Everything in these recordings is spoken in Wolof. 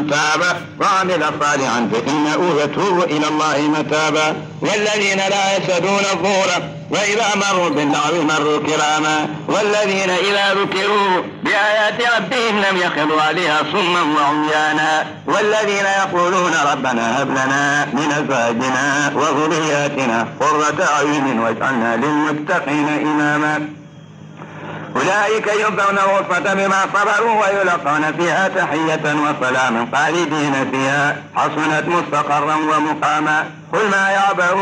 من تاب وعمل صالحا فإنه يتوب إلى الله متابا والذين لا يشهدون الظهور وإذا مروا بالنعم مروا كراما والذين إذا ذكروا بآيات ربهم لم يخضوا عليها صما وعميانا والذين يقولون ربنا هب لنا من أزواجنا وذرياتنا قرة أعين واجعلنا للمتقين إماما أولئك يبدون الغرفة بما صبروا ويلقون فيها تحية وسلاما خالدين فيها حصنت مستقرا ومقاما قل ما يعبأ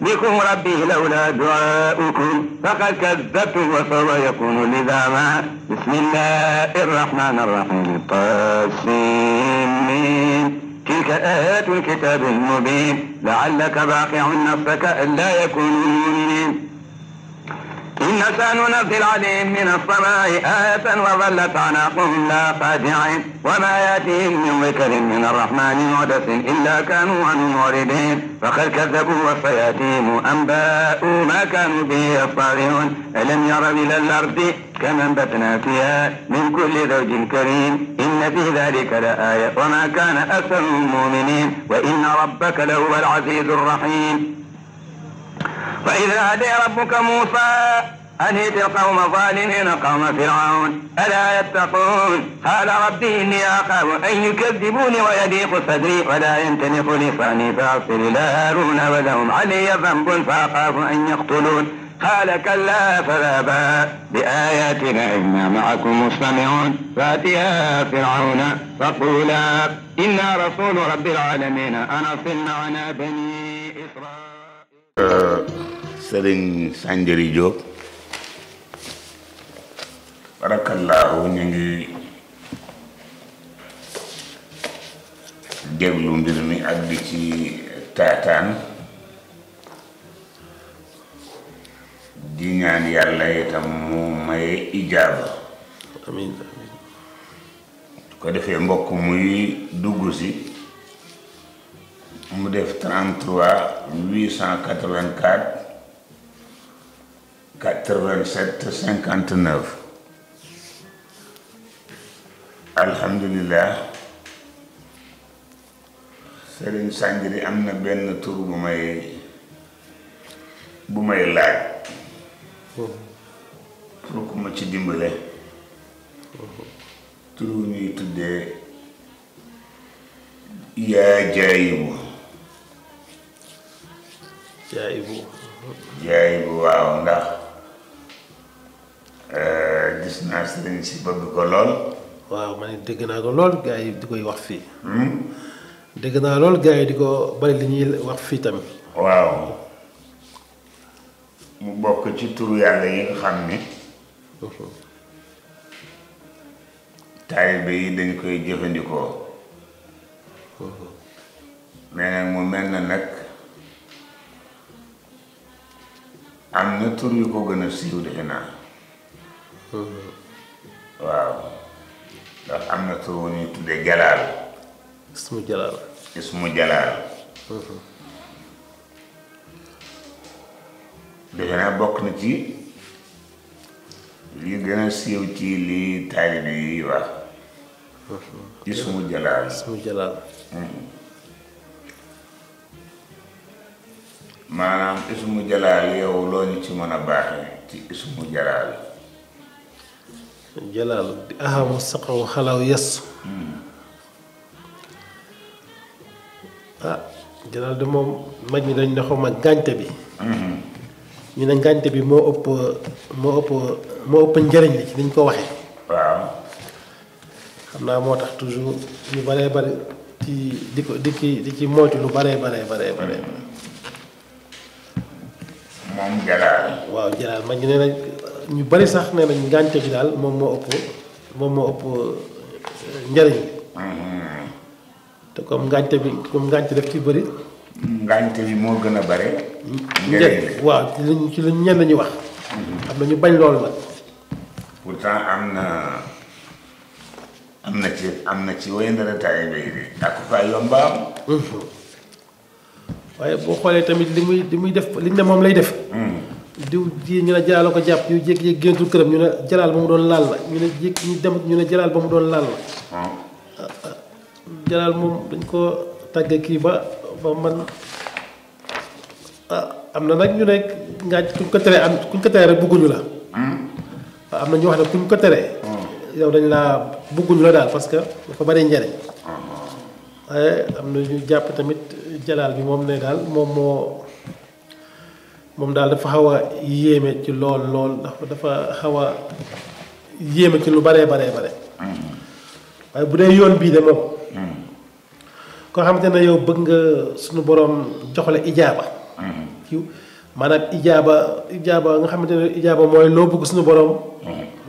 بكم ربي لولا دعاؤكم فقد كذبتم وسوف يكون لذاما بسم الله الرحمن الرحيم طاسمين تلك آيات الكتاب المبين لعلك باقع نفسك ألا يكونوا مؤمنين إنا سننزل عليهم من السماء آية وظلت أعناقهم لا خادعين وما يأتيهم من ذكر من الرحمن محدث إلا كانوا عن معرضين فقد كذبوا وسيأتيهم أنباء ما كانوا به يصطلحون ألم يروا إلى الأرض كما أنبتنا فيها من كل زوج كريم إن في ذلك لآية وما كان أكثر المؤمنين وإن ربك لهو العزيز الرحيم وإذ نادى ربك موسى أن ائت القوم الظالمين قوم فرعون ألا يتقون قال ربي إني أخاف أن يكذبوني ويضيق صدري ولا ينتمق لساني فأرسل إلى هارون ولهم علي ذنب فأخاف أن يقتلون قال كلا فلا باء بآياتنا إنا معكم مستمعون فأتيا فرعون فقولا إنا رسول رب العالمين أنا صلنا على بني إسرائيل Euh, sëriñ sànjari Diop barakallaahu ñu ngi déglu mbir mi ak di ci taataan di ñaan yàlla itam mu maye ijaaba ko defee mbokk muy dugg si mu def 33 884 87 59 alhamdulilah Serigne Sanjiri am na benn tur bu may bu may laaj pour ku ma ci dimbale tur ñuy tuddee yaa jaayibu jaay bu waaw ndax euh, gis naa sëriñ si bëgg ko lool waaw man dégg naa ko lool gars yi di koy wax fii hmm? dégg naa lool gars yi di ko bari li ñuy wax fii tamit waaw mu bokk ci turu yàlla yi nga xam ni mhm. taalibe yi dañ koy jëfandikoo mhm. mais nag mu mel na nag am na tur yu ko gën a siiw defe naa mm-hmm. waaw ndax am na tur wu ñuy tudde jalaal ismu jalaal ismu jalaal mm-hmm. defe naa bokk na ci li gën a siiw ci li taalibe yi wax mm-hmm. ismu jalaal ismu jalaal maanaam ismu jalaal yow loo ñu ci mën a baaxee ci ismu jalaal jalaal di ahamu saqaw xalaw yes hmm. ah jalaal di moom mag ñi dañ ne xaw ma ngànte bi hmm. ñu ne ngànte bi moo ëpp moo ëpp moo ëpp njëriñ li ci dañ ko waxe waaw xam naa moo tax toujours ñu baree bari ci di ko di ki di ci moytu lu baree bare baree baree hmm. moom Jalaal. waaw Jalaal ma ne na ñu bari sax nee nañ gàncax bi daal moom moo ëpp moom moo ëpp euh, njariñ. Mm-hmm. te comme ngànte bi comme ngànte def ci bëri. ngànte bi moo gën a bare. njëriñ waaw ci lañ ci lañ wax. Mm-hmm. am na ñu bañ loolu nag. pourtant am na am na ci am na ci wéyandara taay bi de ak yombaam. Mm-hmm. waaye boo xoolee tamit li muy li muy def li ne moom lay def. Hmm. diw ji ñu ne jalaal ko jàpp diw jékki-jékki géntul këram ñu ne jalaal ba mu doon laal la ñu ne jékki ñu dem ñu ne jalaal ba mu doon laal la. Hmm. Ah, ah, jalaal moom dañ ko tagg kii ba ba man ah am na nag ñu nekk ngaa kuñ ko teree am kuñ ko teree rek bëgguñu la. waaw hmm. ah, am na ñu wax ne kuñ ko teree. yow dañ laa bëgguñu la daal parce que dafa bari njariñ. waaye am na ñu jàpp tamit. jalaal bi moom ne daal moom moo moom daal dafa xaw a yéeme ci lool lool dafa dafa xaw a yéeme ci lu baree baree bare waaye bu dee yoon bii de moom koo xamante ne yow bëgg nga suñu borom joxle ijaaba man maanaam ijaaba ijaaba nga xamante ne ijaaba mooy loo bëgg suñu boroom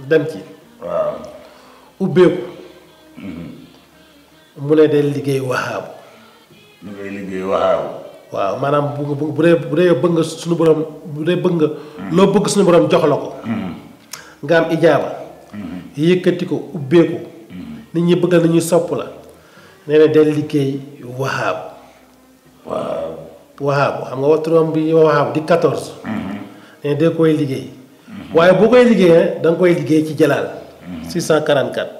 dem ci waaw ubbeeku mu ne del liggéey waxaabu li ngay liggéey waxaawu. waaw maanaam bu bu bu dee bu dee bëgg nga suñu borom bu dee bëgg nga. loo bëgg suñu borom jox la ko. Mm-hmm. nga am ijaaba. Mm-hmm. yëkkati ko ubbeeku. Mm-hmm. nit ñi bëgg nañu sopp la. nee na day liggéey waxaabu. waaw. waxaabu xam nga waxturam bi waxaabu di 14. nee na koy liggéey. waaye boo koy liggéeyee danga koy liggéey ci jalaal. 644.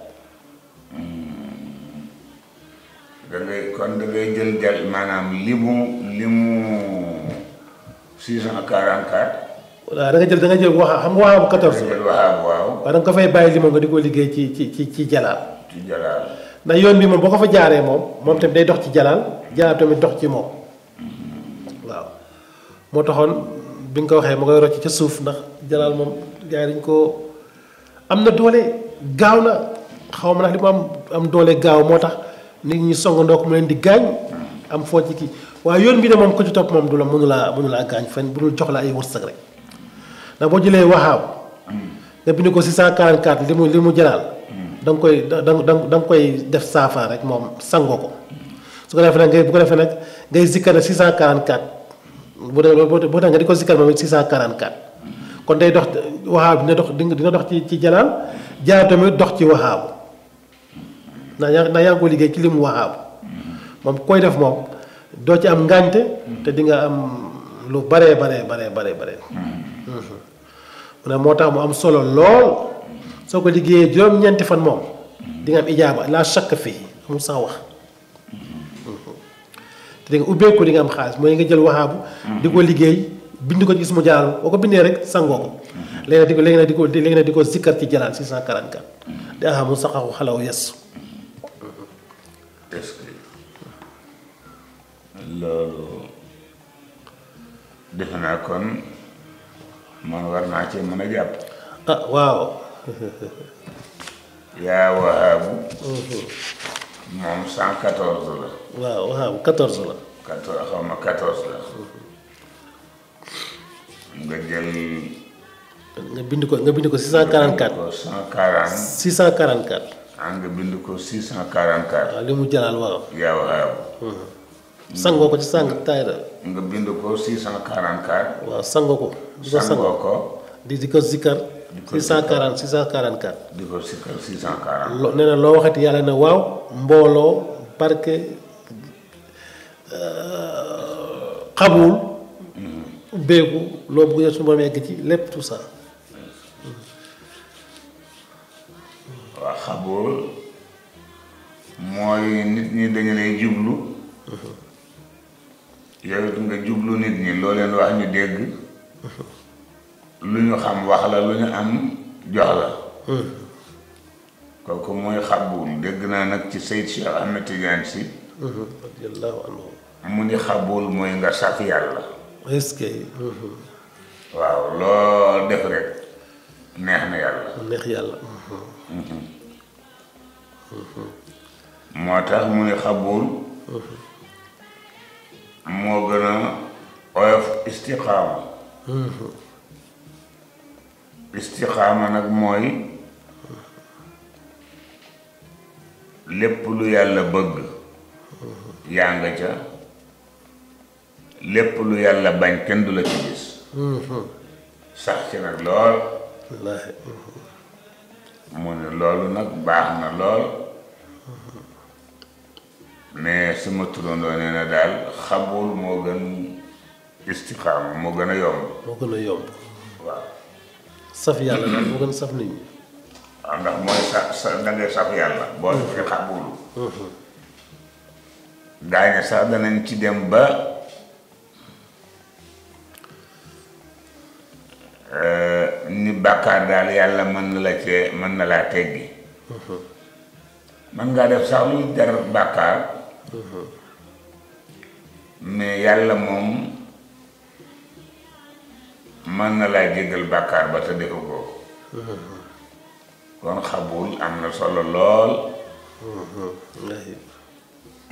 da ngay kon da jël jal maanaam li mu li mu 644. voilà da nga jël da nga jël waxa xam nga waxaabu 14. da nga waaw. waaw ko fay bàyyi li moom nga di ko liggéey ci ci ci ci jalaal. ci ndax yoon bii moom boo ko fa jaaree moom moom tamit day dox ci jalaal jalaal tamit dox ci moom. Mm-hmm. waaw moo taxoon bi nga ko waxee moo koy rocc ca suuf ndax jalaal moom gars yi am na doole gaaw na xaw ma ndax li mu am am doole gaaw moo tax. nit ñi song songandoo ko mu leen di gaañ am foo ci kii waaye yoon bi de moom ku ci topp moom du la mënu laa mënu laa gaañ fen bu dul jox la ay wërsëg rek ndax boo jëlee waxaaw nga bind ko si 644 li mu li mu jëlaal danga koy da nga da nga koy def saafara rek moom sangoo ko su ko defee nag ngay bu ko defee nag ngay zikkara 644 bu dee boo tax nga di ko zikkar moom 644 kon day dox waxaaw dina dox dina dox ci ci jalaal jaar tamit dox ci waxaaw ndax yaa yaa ko liggéey ci li mu waxaabu moom koy def moom doo ci am ngànte te di nga am lu bare bare bare bare bare hmm. mu ne moo tax mu am solo lool soo ko liggéeyee juróom-ñeenti fan moom di nga am ijaaba laa chakk fii amul sax wax hmm. te di nga ubbeeku di nga am xaalis mooy nga jël waxaabu hmm. di ko liggéey bind ko gis mu jaar boo ko bindee rek sangoo ko léegi di ko léegi nag di ko léegi di ko zikkar ci jalaan 644 di ahamu saxaxu xalaw yesu loolu defe naa kon man war naa ci mën a jàpp. ah waaw. yaa wahaabu. Mhm. moom cent quatorze la. waaw wahaabu quatorze la. quatorze la. Mhm. nga jël. nga bind ko nga bind ko six cent quarante quatre. cent quarante. six cent quarante quatre. ah nga bind ko 644. waaw li mu jalaal waaw. yaaw waaw. Mm-hmm. sangoo ko ci sang taayra. nga bind ko 644. waaw sangoo ko. di ko sangoo ko. di ko zikkar. di ko zikkar 640 644. di ko zikkar 640. loo nee loo waxati yàlla ne waaw mbooloo barke euh, xamul. ubbeeku mm-hmm. loo bëgg a suñu borom ci lépp tout ça. khabul mooy nit ñi dañ lay jublu yow it nga jublu nit ñi loo leen wax ñu dégg lu ñu xam wax la lu ñu am jox la koku moy khabul dégg na nak ci sayyid cheikh ahmed tidiane si radiyallahu anhu mu ni khabul moy nga saf yalla est-ce que waaw loo def rek neex na yalla neex yàlla mhm. moo tax mu ne xabuul moo gën a oyof istiqaama istiqaama nag mooy lépp lu yàlla bëgg yaa nga ca lépp lu yàlla bañ kenn du la ci mm-hmm. sax ci nag lool mu ne loolu nag baax na lool mais sama turandoo na daal xabul moo gën istiqaama moo gën a yomb. moo gën a yomb. waaw. saf yàlla daal moo gën saf nit ñi. waaw ndax mooy sa sa da saf yàlla. boo defee xabul. daañu sax danañ ci dem ba. Euh, ni bàkkaar daal yàlla mën na la cee mën na laa teggi man mhm. ngaa def sax lu jar bàkkaar mhm. mais yàlla moom mën na laa jéggal bàkkaar ba te defu ko mhm. kon xabul am na solo lool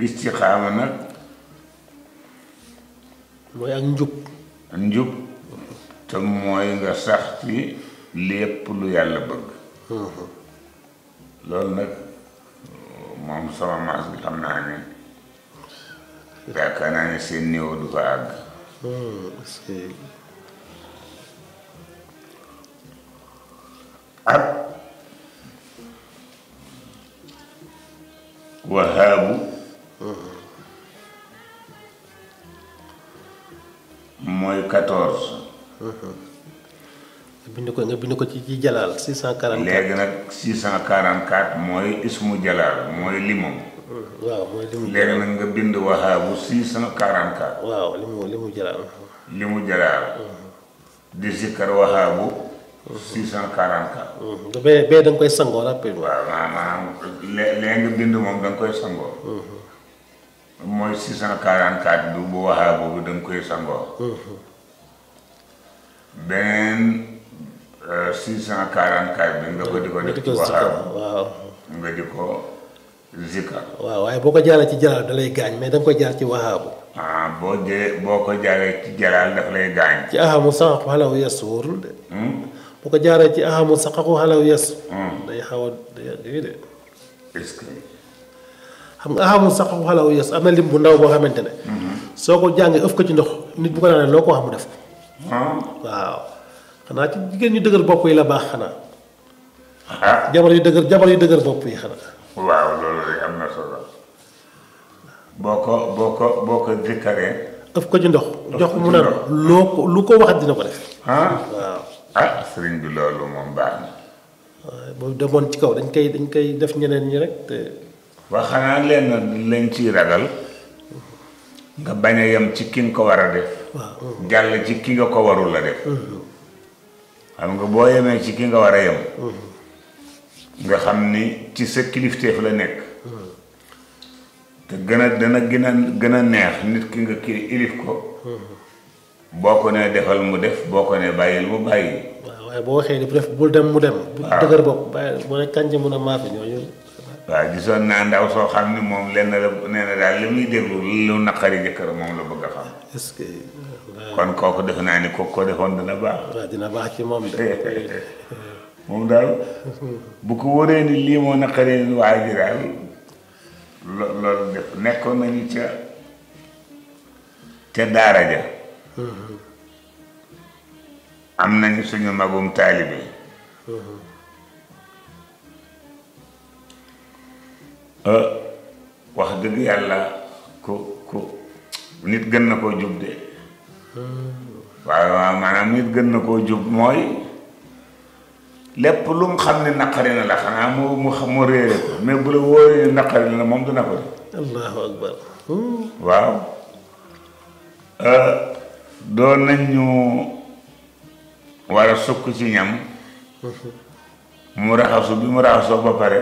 istixaama nag mooy ak njub njub te mooy nga sax ci lépp lu yàlla bëgg loolu nag moom sama maas bi xam naa ne yaakaar naa ne seen néew du fa àgg ak wahaabu ko nga bind ko ci ci jalaal 644. léegi nag 644 mooy ismu jalaal mooy limam. waaw mooy limu léegi nag nga bind waxaabu 644. waaw limu limu jalaal. limu jalaal. Mm-hmm. Mm-hmm. koy sangoo rapide. waaw nga bind moom da koy sangoo. Mm-hmm. mooy 644 bi bu waxaabu bi da koy sangoo. beneen. 644 bi nga ko di ko def ci waaw nga di ko zikar waaw waaye boo ko jaaree ci jalaal da lay gaañ ko jaar ci waxaabu ah ko jaaree ci jalaal daf lay gaañ ahamu saqaqu xalaw yes hmm? ko jaaree ci ahamu saqaqu xalaw yes hmm. day xaw a day de est-ce xam nga ahamu saqaqu xalaw yes am na lim bu ndaw boo xamante ne hmm. soo ko jàngee ëf ko ci ndox nit bu ko naanee loo ko wax def ko waaw xanaa ci jigéen ñu dëgër bopp yi la baax xanaa. ah jabar yu dëgër jabar yu dëgër bopp yi xanaa. waaw loolu rek am na solo boo ko boo ko boo ko zikkaree. daf ko ci ndox jox mu ne loo ko lu ko wax dina ko def. ah waaw. ah sëriñ bi loolu moom baax na. waaw boobu demoon ci kaw dañ koy dañ koy def ñeneen ñi rek te. waa xanaa leen leen ciy ragal nga bañ a ci ki nga ko war a def. waaw jàll ci ki nga ko warul def. Mm-hmm. xam nga boo yemee ci ki nga war a yem nga xam ni ci sa kilifteef la nekk te gën a dana gën a gën a neex nit ki nga ki ilif ko boo ko nee defal mu def boo ko nee bàyyil mu bàyyi waaw waaye boo waxee ni bu def bul dem mu dem bu dëgër bopp bàyyi bu ne kànja mun a maafe ñooñu waaw gisoon naa ndaw soo xam ni moom lenn la nee daal li muy déglu lu naqari jëkkër moom la bëgg a xam kon kooku defe naa ni kooku ko defoon dina baax. waaw dina baax ci moom daal bu ko wóoree ni lii moo naqaree ni nekkoon nañu ca ca daara ja mm-hmm. am nañu suñu magum taalibe mm-hmm. eh, wax dëgg yàlla ku ku nit gën na koo jub waaw waaw maanaam nit gën na koo jub mooy lépp lu mu xam ne naqari na la xanaa mu mu xam mu réere ko mais bu la wóoree ne naqari na la moom du naqari. allahu akbar. waaw euh, doon nañu war a sukk ci ñam. mu raxasu bi mu raxasoo ba pare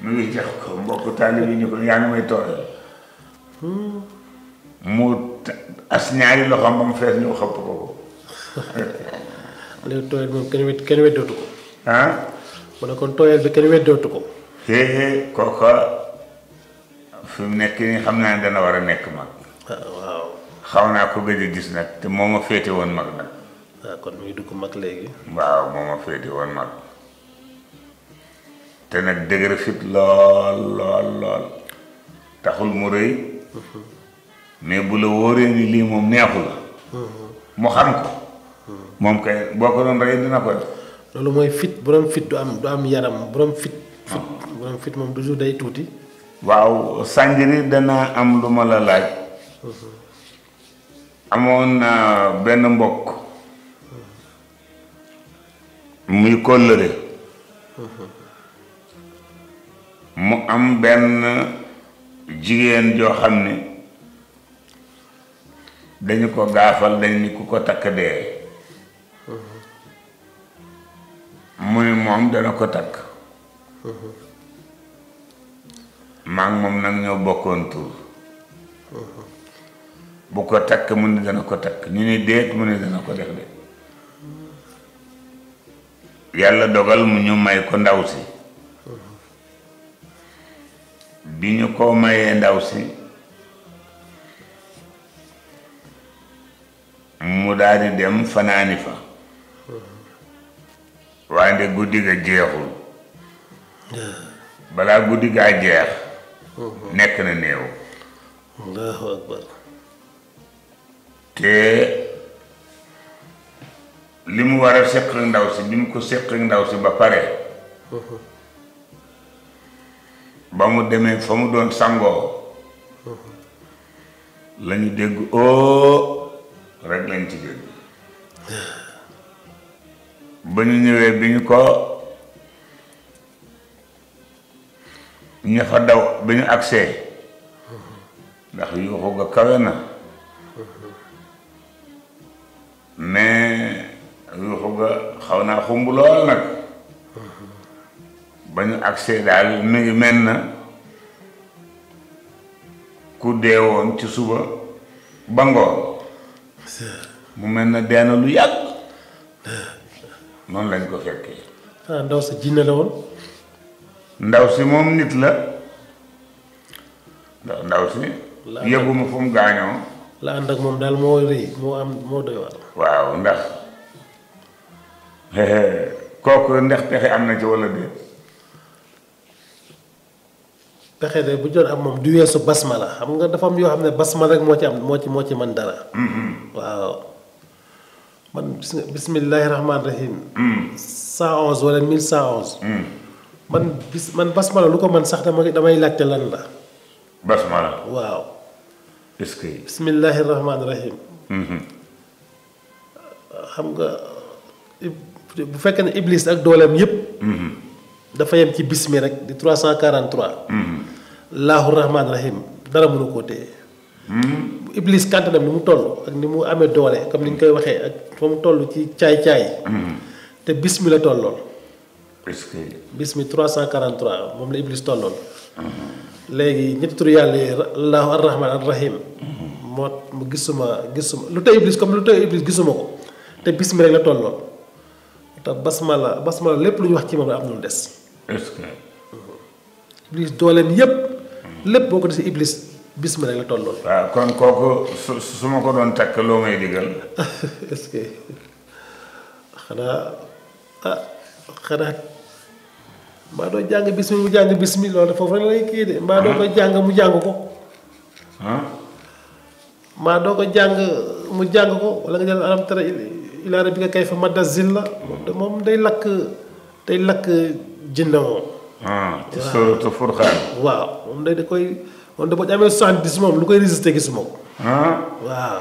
mu ngi jox ko mbokk taalib yi ñu ko yaa ngi may tooyal. mu. أسنعلي لغم من فيه نيو خبرو أقول تويل من كن ويت كن ويت دوتكو ها ولا كون تويل بكن ويت دوتكو هي هي كوكا فيم نكيني خمنا عندنا ورا نك ما آه، واو خاونا كو بيدي ديس نك تي موما فيتي وون ماك نا آه، كون مي دوكو ماك ليغي واو موما فيتي وون ماك تي نك دغري فيت لول لول لول تاخول موري mais bu la wóoree ni lii moom neexu la mu xam ko moom kay boo ko doon rey dina ko def loolu mooy fit borom fit du am du am yaram borom fit fit borom fit moom toujours day tuuti waaw sànjiri danaa am lu ma la laaj amoon na benn mbokk muy kóllëre mu am benn jigéen joo xam ne dañu ko gaafal dañ ni ku ko takk dee mu moom dana ko takk mom moom nag ñoo bokkoon tur bu ko takk mu ne dana ko takk ñu ni déet mu ne dana ko def de yàlla dogal mu ñu may ko ndaw si bi ko mayee ndaw mu daal di dem fanaani fa waaye guddi ga jeexul balaa guddi gaa jeex mm-hmm. nekk na néew te li mu war a séq ndaw si bi mu ko séq ndaw si ba pare mm-hmm. ba mu demee fa mu doon sangoo mm-hmm. lañu dégg oo oh, rek lañ ci génn ba ñu ñëwee bi ñu ko ña daw bi ñu agsee ndax yuuxu ga kawe na mais yuuxu ga xaw naa xumb lool nag ba ñu agsee daal mi ngi na ku deewoon ci suba ba ngoon ممن بين أنا من لن تفكي هذا سجين لون هذا سيمون نتلى هذا سي يبو مفهوم غانو لا عندك مو دال مو ري مو ام مو دوي واو واو ندخ كوكو pexe de bu jot am moom du weesu la xam nga dafa am yoo xam ne basmala rek moo ci am moo ci moo ci mën dara. waaw man bismillahi rahmaani rahim. 111 wala 1111. man bis man basmala lu ko mën sax dama damay laajte la. basmala. waaw. est-ce xam nga bu fekkee ne iblis ak dooleem yépp. dafa yam ci bismi rek di 343 mhm. Allah rahman rahim dara ko te hmm iblis kanta dem mu tollu ak ni mu amé doole comme niñ koy waxé ak fa mu toll ci chay hmm te bismi la tolloon bismi 343 mom la iblis hmm léegi ñet tur yalla Allah rahman rahim, arrahim mo gisuma gisuma lu tay iblis comme lu tay iblis gisuma ko te bismi rek la tolloon ta basmala basmala lepp lu wax ci mom dess des est-ce que. iblis dooleem yépp lépp boo ko desee iblis bismillah la tolloon. waaw kon kooku su su ma ko doon takk loo may digal. est xanaa ah xanaa mbaa doo jàng bismi mu jàng bismi loolu foofu rek lay kii de. mbaa doo ko uh-huh. jàng mu jàng ko. maa doo ko jàng mu jàng ko wala nga jàng alam tara ilaa rabbika kayfa madda zilla moom day lakk. tey lakk jën na moom. waaw ah, te sóoratu Furqaan. waaw moom day da koy moom da ko amee soixante-dix moom lu koy résister gis moom. Ah. waaw.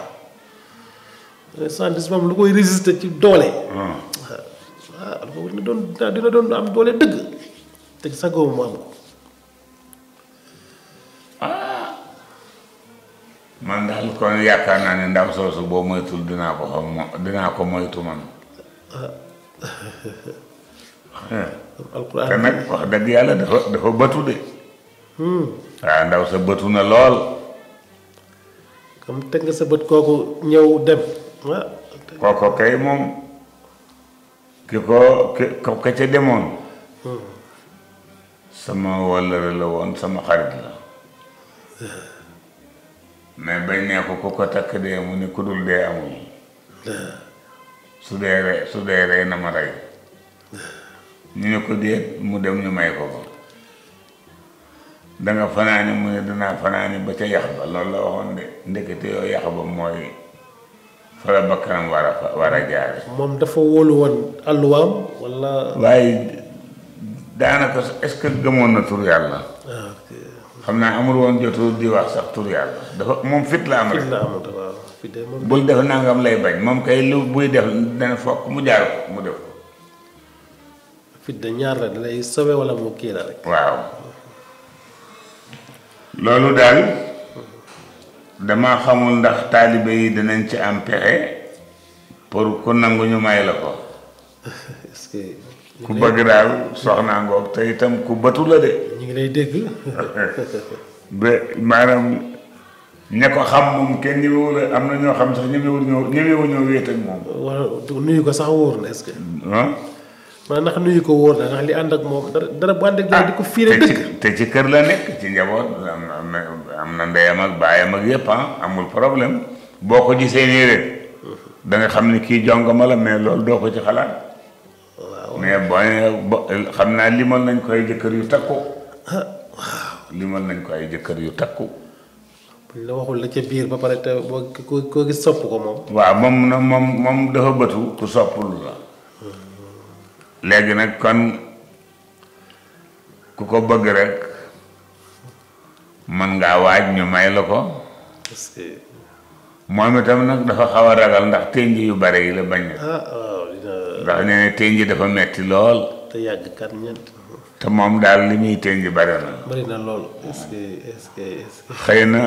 soixante-dix moom lu koy résister ci doole. Ah. waaw waaw doon dina doon am doole dëgg te sagoo mu am ko. man daal kon yaakaar naa ne ndam soosu boo moytul dinaa ko xam dinaa ko moytu man. Eh. alquran te nag wax dëgg yàlla dafa dafa bëtu de waaw hmm. ndaw nah, sa bëtu na lool comme teg sa bët kooku ñëw dem waaw kooku kay moom ki ko ki ka ca demoon hmm. sama wàllare la woon sama xarit la mais bañ ne ko ku ko takk dee mu ne ku dul amul nah. su dee rey su dee rey na ma rey ñu ne ko déet mu dem ñu may ko ko danga fanaani mu danaa fanaani ba ca yax ba loolu la waxoon de ndekete yoo yax ba mooy fa la bakkanam war a jaare moom dafa wóolu woon àlluwaam wala. waaye daanaka est-ce que gëmoon na tur yàlla. Ah, xam naa amul woon jotu di wax sax tur yàlla dafa moom fit la am rek. bul def nangam lay bañ moom kay lu buy def dana fokk mu jaar ko mu def fit de ñaar la dalay sauver wala mu kii la rek. waaw loolu daal dama xamul ndax taalibe yi danañ ci am pexe pour ku nangu ñu may la ko. est-ce que ku bëgg daal soxnaa te itam ku bëtu la de. ñu ngi lay dégg. ba maanaam. ña ko xam moom kenn ñemewul am na ñoo xam sax ñemewul ñoo ñemewul ñoo wéet ak moom. wala nuyu ko sax wóor na est-ce que. maanaam ndax nuyu ko wóor na ndax li ànd ak moom dara dara bu ànd ak dara di ko fiire ah, te ci kër la nekk ci njaboot am na am na am na ak ah, amul problème boo ko gisee nii xam ni kii jongama la mais loolu ko ci xalaat. xam naa limal nañ ko jëkkër yu takku. Ah, limal nañ ko ay jëkkër yu takku. buñ la ca biir ba pare te boo ko gis sopp ko moom. dafa bëtu ku soppul la. léegi nag kon ku ko bëgg rek man ngaa waaj ñu may la ko moom itam nag dafa xaw a ragal ndax ténj yu bare yi la bañ ah, ndax nee ne ténj dafa metti lool te yàgg te moom daal li muy ténj bare na bari na lool xëy na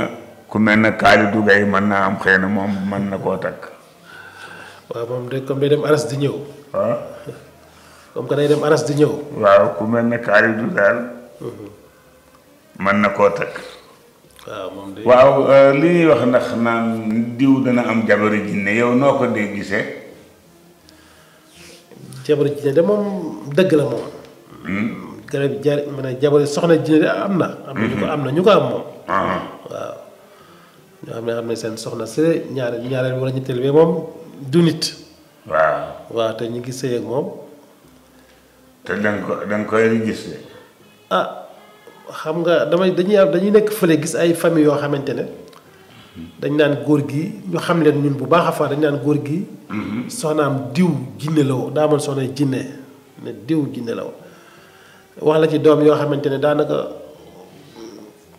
ku mel ne kaali dugay mën naa am xëy na moom mën na koo takk waaw moom de comme day aras di ñëw ah. comme que day dem aras di ñëw. waaw ku mel ne Kaay du daal. Mhm. mën na koo takk. waaw moom de. waaw euh, li ñuy wax ndax naan diw dana am jabari jinne yow noo ko dee gisee. jabari hmm? a jabari am na. am na ñu ko mhm. am moom. Ah. waaw. ñoo xam ne xam ne seen soxna si ñaareel ñaareel wala ñetteel bi moom du nit. waaw waaw te ñu ngi ak moom. te danga koy gis ne. ah xam nga damay dañuy am dañuy nekk fële gis ay famille yoo xamante ne dañ naan góor gi ñu xam leen ñun bu baax a faa dañ naan góor gi. Mm-hmm. soxnaam diw jinne la woo daa soxna jinne ne diw jinne la woo wax la ci doom yoo xamante ne daanaka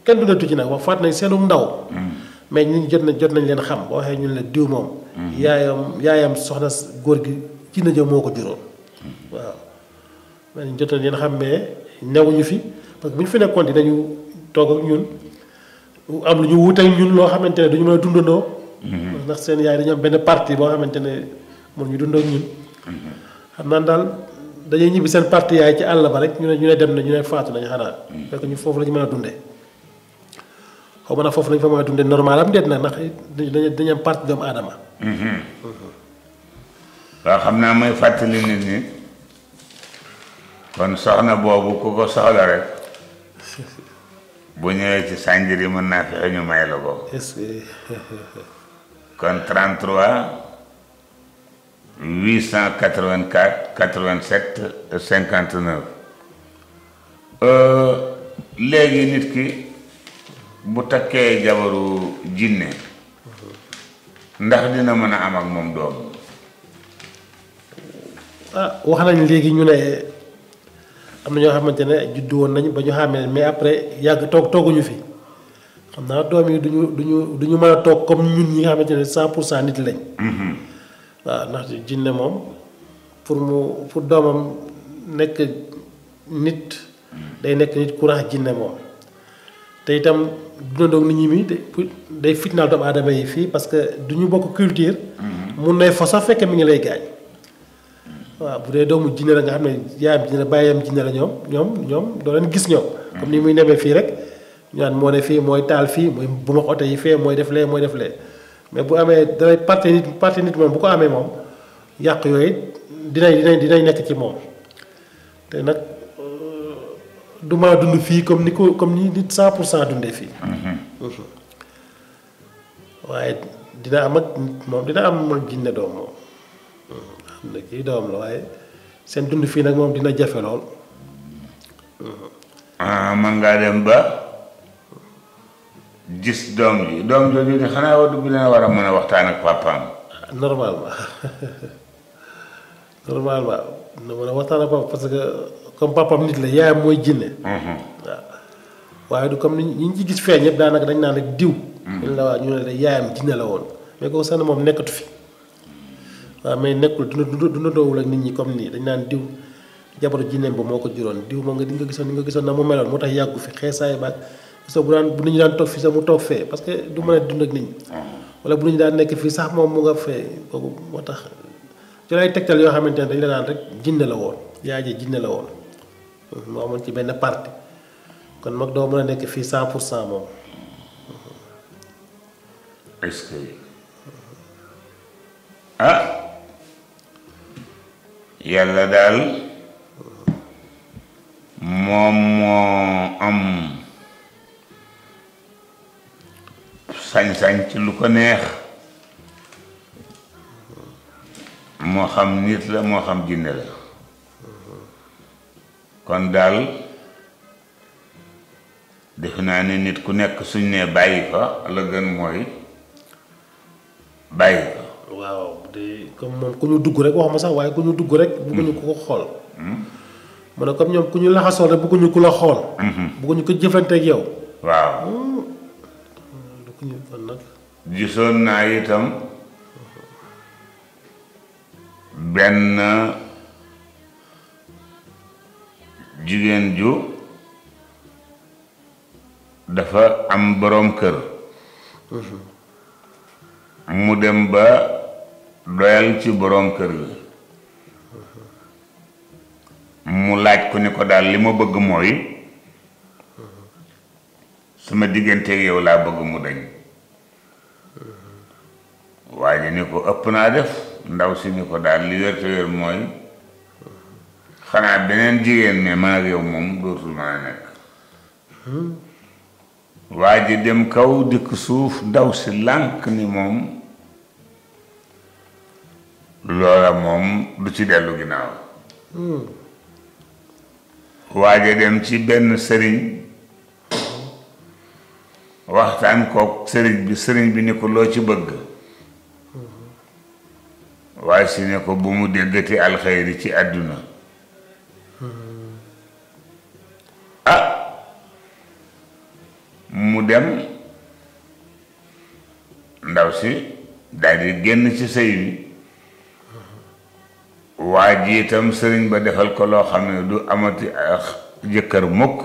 kenn dundatu ci nag wax faat nañ seenum ndaw. Mm-hmm. mais ñu jot nañ jot nañ leen xam boo waxee ñun la diw moom. Mm-hmm. yaayam yaayam soxna góor gi jinne ja moo ko juróom waaw. man jotoon ngeen xam ne ñu fi parce que bu ñu fi nekkoon dañu toog ak ñun am lu ñu wuute ak ñun loo xamante ne du ñu mën a dundandoo. Mm-hmm. ndax seen yaay dañu benn parti boo xamante ne moom ñu dund ak mm-hmm. xam naa daal dañuy ñibbi seen parti ci àll ba rek ñu ne ñu ne dem na ñu ne faatu nañu xanaa. Mm-hmm. fekk ñu foofu mën a dundee. xaw ma nag foofu lañu fa mën a dundee normal am déet nag ndax dañu dañu parti doomu aadama. waaw xam naa mooy fàttali nit ñi. kon soxna boobu ku ko soxla rek bu ñëwee ci sànjir yi mën naa fexe ñu may la ko kon 33 884 87 59 léegi nit ki bu takkee jabaru jinne ndax dina mën a am ak moom doom ah, wax nañ léegi ñu ne am na ñoo xamante ne juddu woon nañu ba ñu xàmmee mais après yàgg toog tooguñu fi xam naa doom yi duñu duñu duñu mën a toog comme ñun ñi nga xamante ne cent pour cent nit lañ mm-hmm. waaw ndax jinne moom pour mu pour doomam nekk nit day nekk nit courage jinne moom te itam duna doog nit ñi mi day fitnaal doomu aadama yi fii parce que duñu bokk culture mm-hmm. mun nay fo sax fekk mi ngi lay gaañ waaw bu dee doomu jinne la nga xam ne yaayam jinne la bàyyam jinne la ñoom ñoom ñoom doo leen gis ñoom hmm. comme ni muy nemee fii rek ñaan moo ne fii mooy taal fii mooy bu ma oto yi fee mooy def lee mooy def mais bu amee dalay parti parti nit moom bu ko amee moom yàq yooyu dinay dinay dinay nekk ci moom te nag du maa dund fii comme ni ko comme ni nit cent pour cent fii hmm. Hmm. waaye dina am ak dina am jinne doom moom xam ne kii doom la waaye seen dund fii nag moom dina jafe lool. ah man ngaa dem ba gis doom ji doom jooju de xanaa war dugg leen war a mën a waxtaan ak papaam. Ah, normalement normalement na mën a waxtaan ak papaam parce que comme papaam nit la yaayam mooy jinne. waaw mhm. ah. waaye du comme ni ñu ci gis feeñ yëpp daanaka dañ naan rek diw. Mhm. ñu la waa ñu ne la yaayam jinne la woon mais kooku sax moom nekkatu fi. waaw ah, mais nekkul dund dund doowul ak nit ñi comme nii dañ naan diw jabaru jineem ba moo ko juróon diw moom nga di nga gisoon di nga gisoon na mu meloon moo tax yàggu fi xeesaay baag so bu daan bu nit ñi daan toog fii sax mu toog fee parce que du mën a dund ak nit ñi ah. wala bu nit ñi daan nekk fii sax moom mu nga fee kooku moo tax ci lay tegtal yoo xamante ne dañ la naan rek jinne la woon yaay ji jinne la woon moo amoon ci benn parti kon mag doo mën a nekk fii cent pour cent moom est-ce que ah yàlla daal moom moo am sañ-sañ ci lu ko neex moo xam nit la moo xam jinne la kon daal defe naa nit ku nekk suñ ne bàyyi fa la gën mooy bàyyi fa waaw de comme moom ku ñu dugg rek ma sax waaye ku ñu dugg rek. bëgguñu ku ko xool. mu hmm. ne comme ñoom ku ñu laxasoo rek bëgguñu ku la xool. Hmm. bëgguñu ko jëflanteeg yow. waaw. Hmm. gisoon naa itam benn jigéen ju dafa am boroom kër. mu dem ba. doyal ci boroom kër gi mu laaj ko ni ko daal li ma bëgg mooy sama digganteeg yow laa bëgg mu dañ waa ji ni ko ëpp naa def ndaw si ni ko daal li wér te wér mooy xanaa beneen jigéen mais man ak yow moom dootul mën a nekk waa ji dem kaw dikk suuf ndaw si lànk ni moom loola moom du ci dellu ginnaaw waaje dem ci benn sëriñ waxtaan kook sëriñ bi sëriñ bi ni ko loo ci bëgg waaye si ne ko bu mu déggati alxayri ci àdduna ah mu dem ndaw si daldi génn ci sëy bi waa ji itam sëriñ ba defal ko loo xam ne du amati jëkkër mukk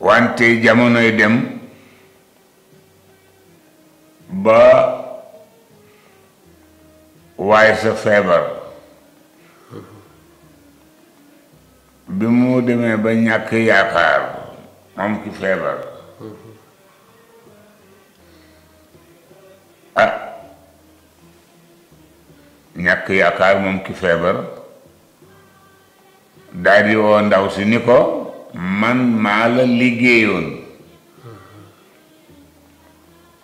wante jamonoy dem ba waaye sa feebar bi mu demee ba ñàkk yaakaar moom ki feebar ñàkk yaakaar moom ki feebar daadiwoo ndaw si ni ko man maa la liggéeyoon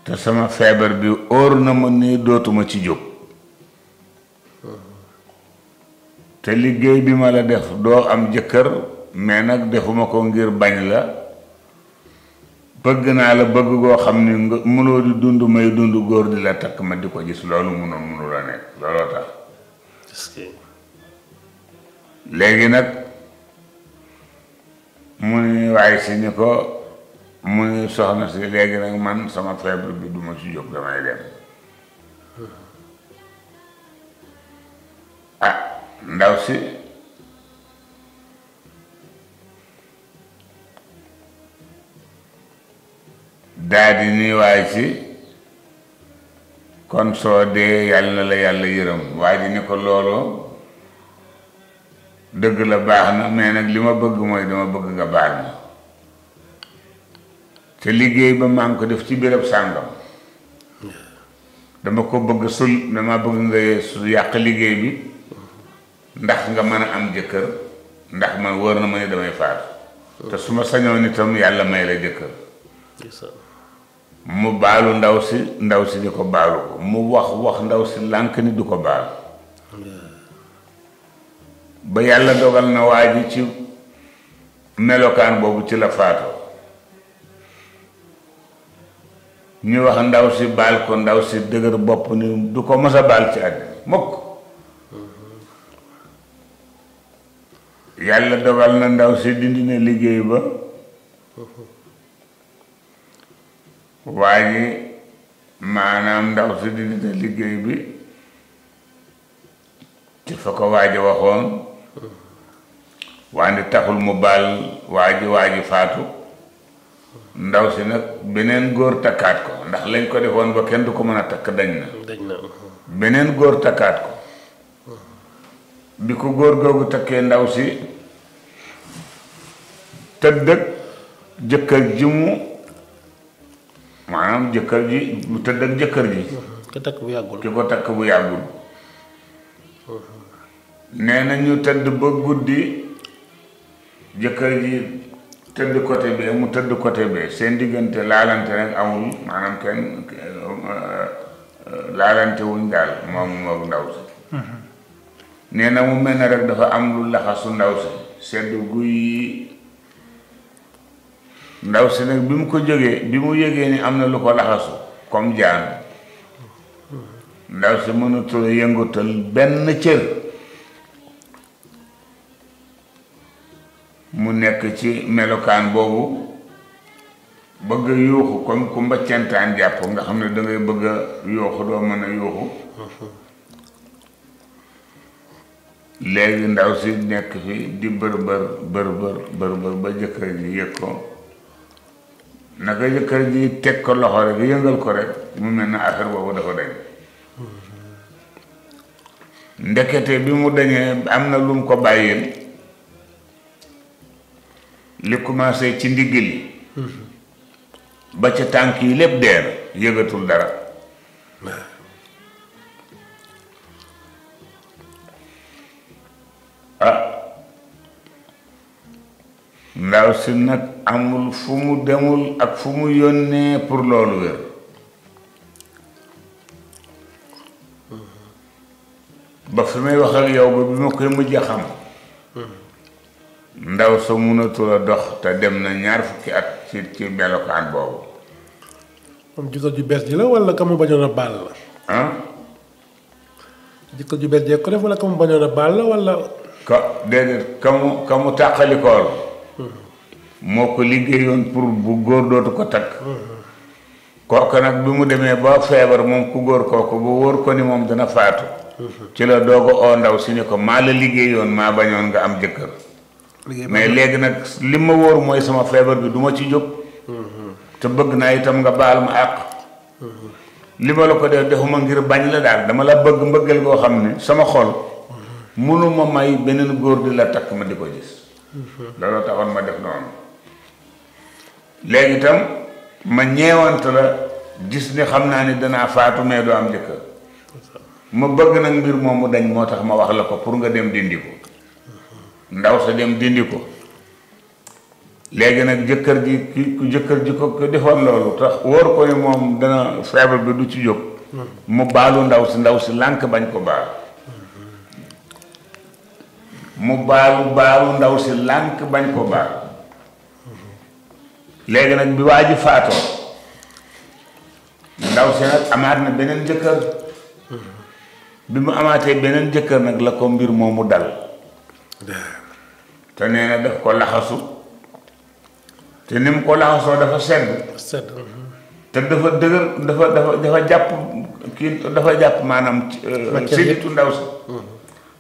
te sama feebar bi óor na ma ni dootuma ci jóg te liggéey bi ma la def doo am jëkkër mais nag defuma ko ngir bañ la bëgg naa la bëgg goo xam ne nga mënoo di dund may dund góor di la takk ma di ko gis loolu mënoon mënu la nekk looloo tax léegi nag mu ni waaye si ni ko mu ni soxna si léegi nag man sama feebar bi duma ci jóg damay dem hmm. ah ndaw si daa di nii waay si kon soo dee yàlla na la yàlla yërëm waa ji ni ko looloo dëgg la baax na mais nag li ma bëgg mooy dama bëgg nga baal ma te liggéey ba maa ngi ko def ci béréb sàngam dama ko bëgg sul dama bëgg nga su yàq liggéey bi ndax nga mën a am jëkkër ndax man wóor na ma ne damay faatu te su ma sañoon itam yàlla may la jëkkër mu baalu ndaw si ndaw si di ko baalu ko mu wax wax ndaw si lànk ni du ko baal ba yàlla dogal na waa ji ci melokaan boobu ci la faatoo ñu wax ndaw si baal ko ndaw si dëgër bopp ni du ko mës a baal ci àddina mukk yàlla dogal na ndaw si dindi na liggéey ba waa ji maanaam ndaw si dina liggéey bi ci fa ko waa ji waxoon wante taxul mu baal waa ji waa ji faatu ndaw si nag beneen góor takkaat ko ndax lañ ko defoon ba kenn du ko mën a takk dañ na uh-huh. beneen góor takkaat ko uh-huh. bi ko góor googu takkee ndaw si tëdd jëkkër ji mu maanaam jëkkër ji mu tëdd ak jëkkër ji. ki takk bu yàggul ki ko takk bu yàggul. nee na ñu tëdd ba guddi jëkkër ji tëdd côté bee mu tëdd côté bee seen diggante laalante nag amul maanaam kenn euh, laalante daal moom moog ndaw si. Mhm. nee na mu mel rek dafa am lu laxasu ndaw si sedd guy. ndaw si nag bi mu ko jógee bi mu yëgee ni am na lu ko laxasu comme jaan ndaw si mënatul yëngutal benn cër mu nekk ci melokaan boobu bëgg a yuuxu comme ku mbaccantaan jàpp nga xam ne dangay bëgg a yuuxu doo mën a yuuxu léegi ndaw si nekk fi di bër bër bër bër bër bër ba jëkkër ji yëg ko naka jëkkër ji teg ko loxo rek yëngal ko rek mu na na affaire boobu dafa dañ ndekete bi mu dañee am na lu mu ko bàyyil li commencé ci ndigg li mhm. ba ci tànk yi lépp deer yëgatul dara ndaw si nag amul fu mu demul ak fu mu yónnee pour loolu wér ba fi may wax yow ba bi ma koy mujj xam ndaw sa mënatula dox te dem na ñaar fukki at ci ci melokaan boobu moom jikko ju bees ji la walla ka mu bañoon baal la ju bees jee ko def walla ka mu walla ka déedéet ka mu ka mu moko liggeyon pour bu gor kotak. ko takk kooku nak bi mu demee ba feebar mom ku góor kooku bu wor ko ni mom dana faatu ci la dogo o ndaw si ko maa la liggéeyoon maa nga am jëkkër mais légui nak wor moy sama feebar bi duma ci jop mm-hmm. te bëgg na itam nga baal ma ak mm-hmm. lima ma la ko def defuma ngir bañ la dal dama la bëgg mbëggal go xam sama xol mm-hmm. mënuma may benen gor di la tak ma di gis da la taxon ma def non léegi itam ma ñeewant la gis ni xam naa ni danaa faatu mais doo am jëkkër ma bëgg nag mbir moomu dañ moo tax ma wax la ko pour nga dem dindi ko ndaw sa dem dindi ko léegi nag jëkkër ji ku jëkkër ji ko ko defoon loolu tax wóor ko ni moom dana feebar bi du ci jóg mu baalu ndaw si ndaw si lànk bañ ko baal mu baalu baalu ndaw si lànk bañ ko baal léegi nag bi waa faatoo ndaw si nag amaat na beneen jëkkër mu amaatee beneen jëkkër nag la ko mbir moomu dal te nee na ko laxasu te ni mu ko laxasoo dafa sedd mhm. te dafa dëgër dafa dafa dafa jàpp kii dafa jàpp maanaam euh, siditu ndaw si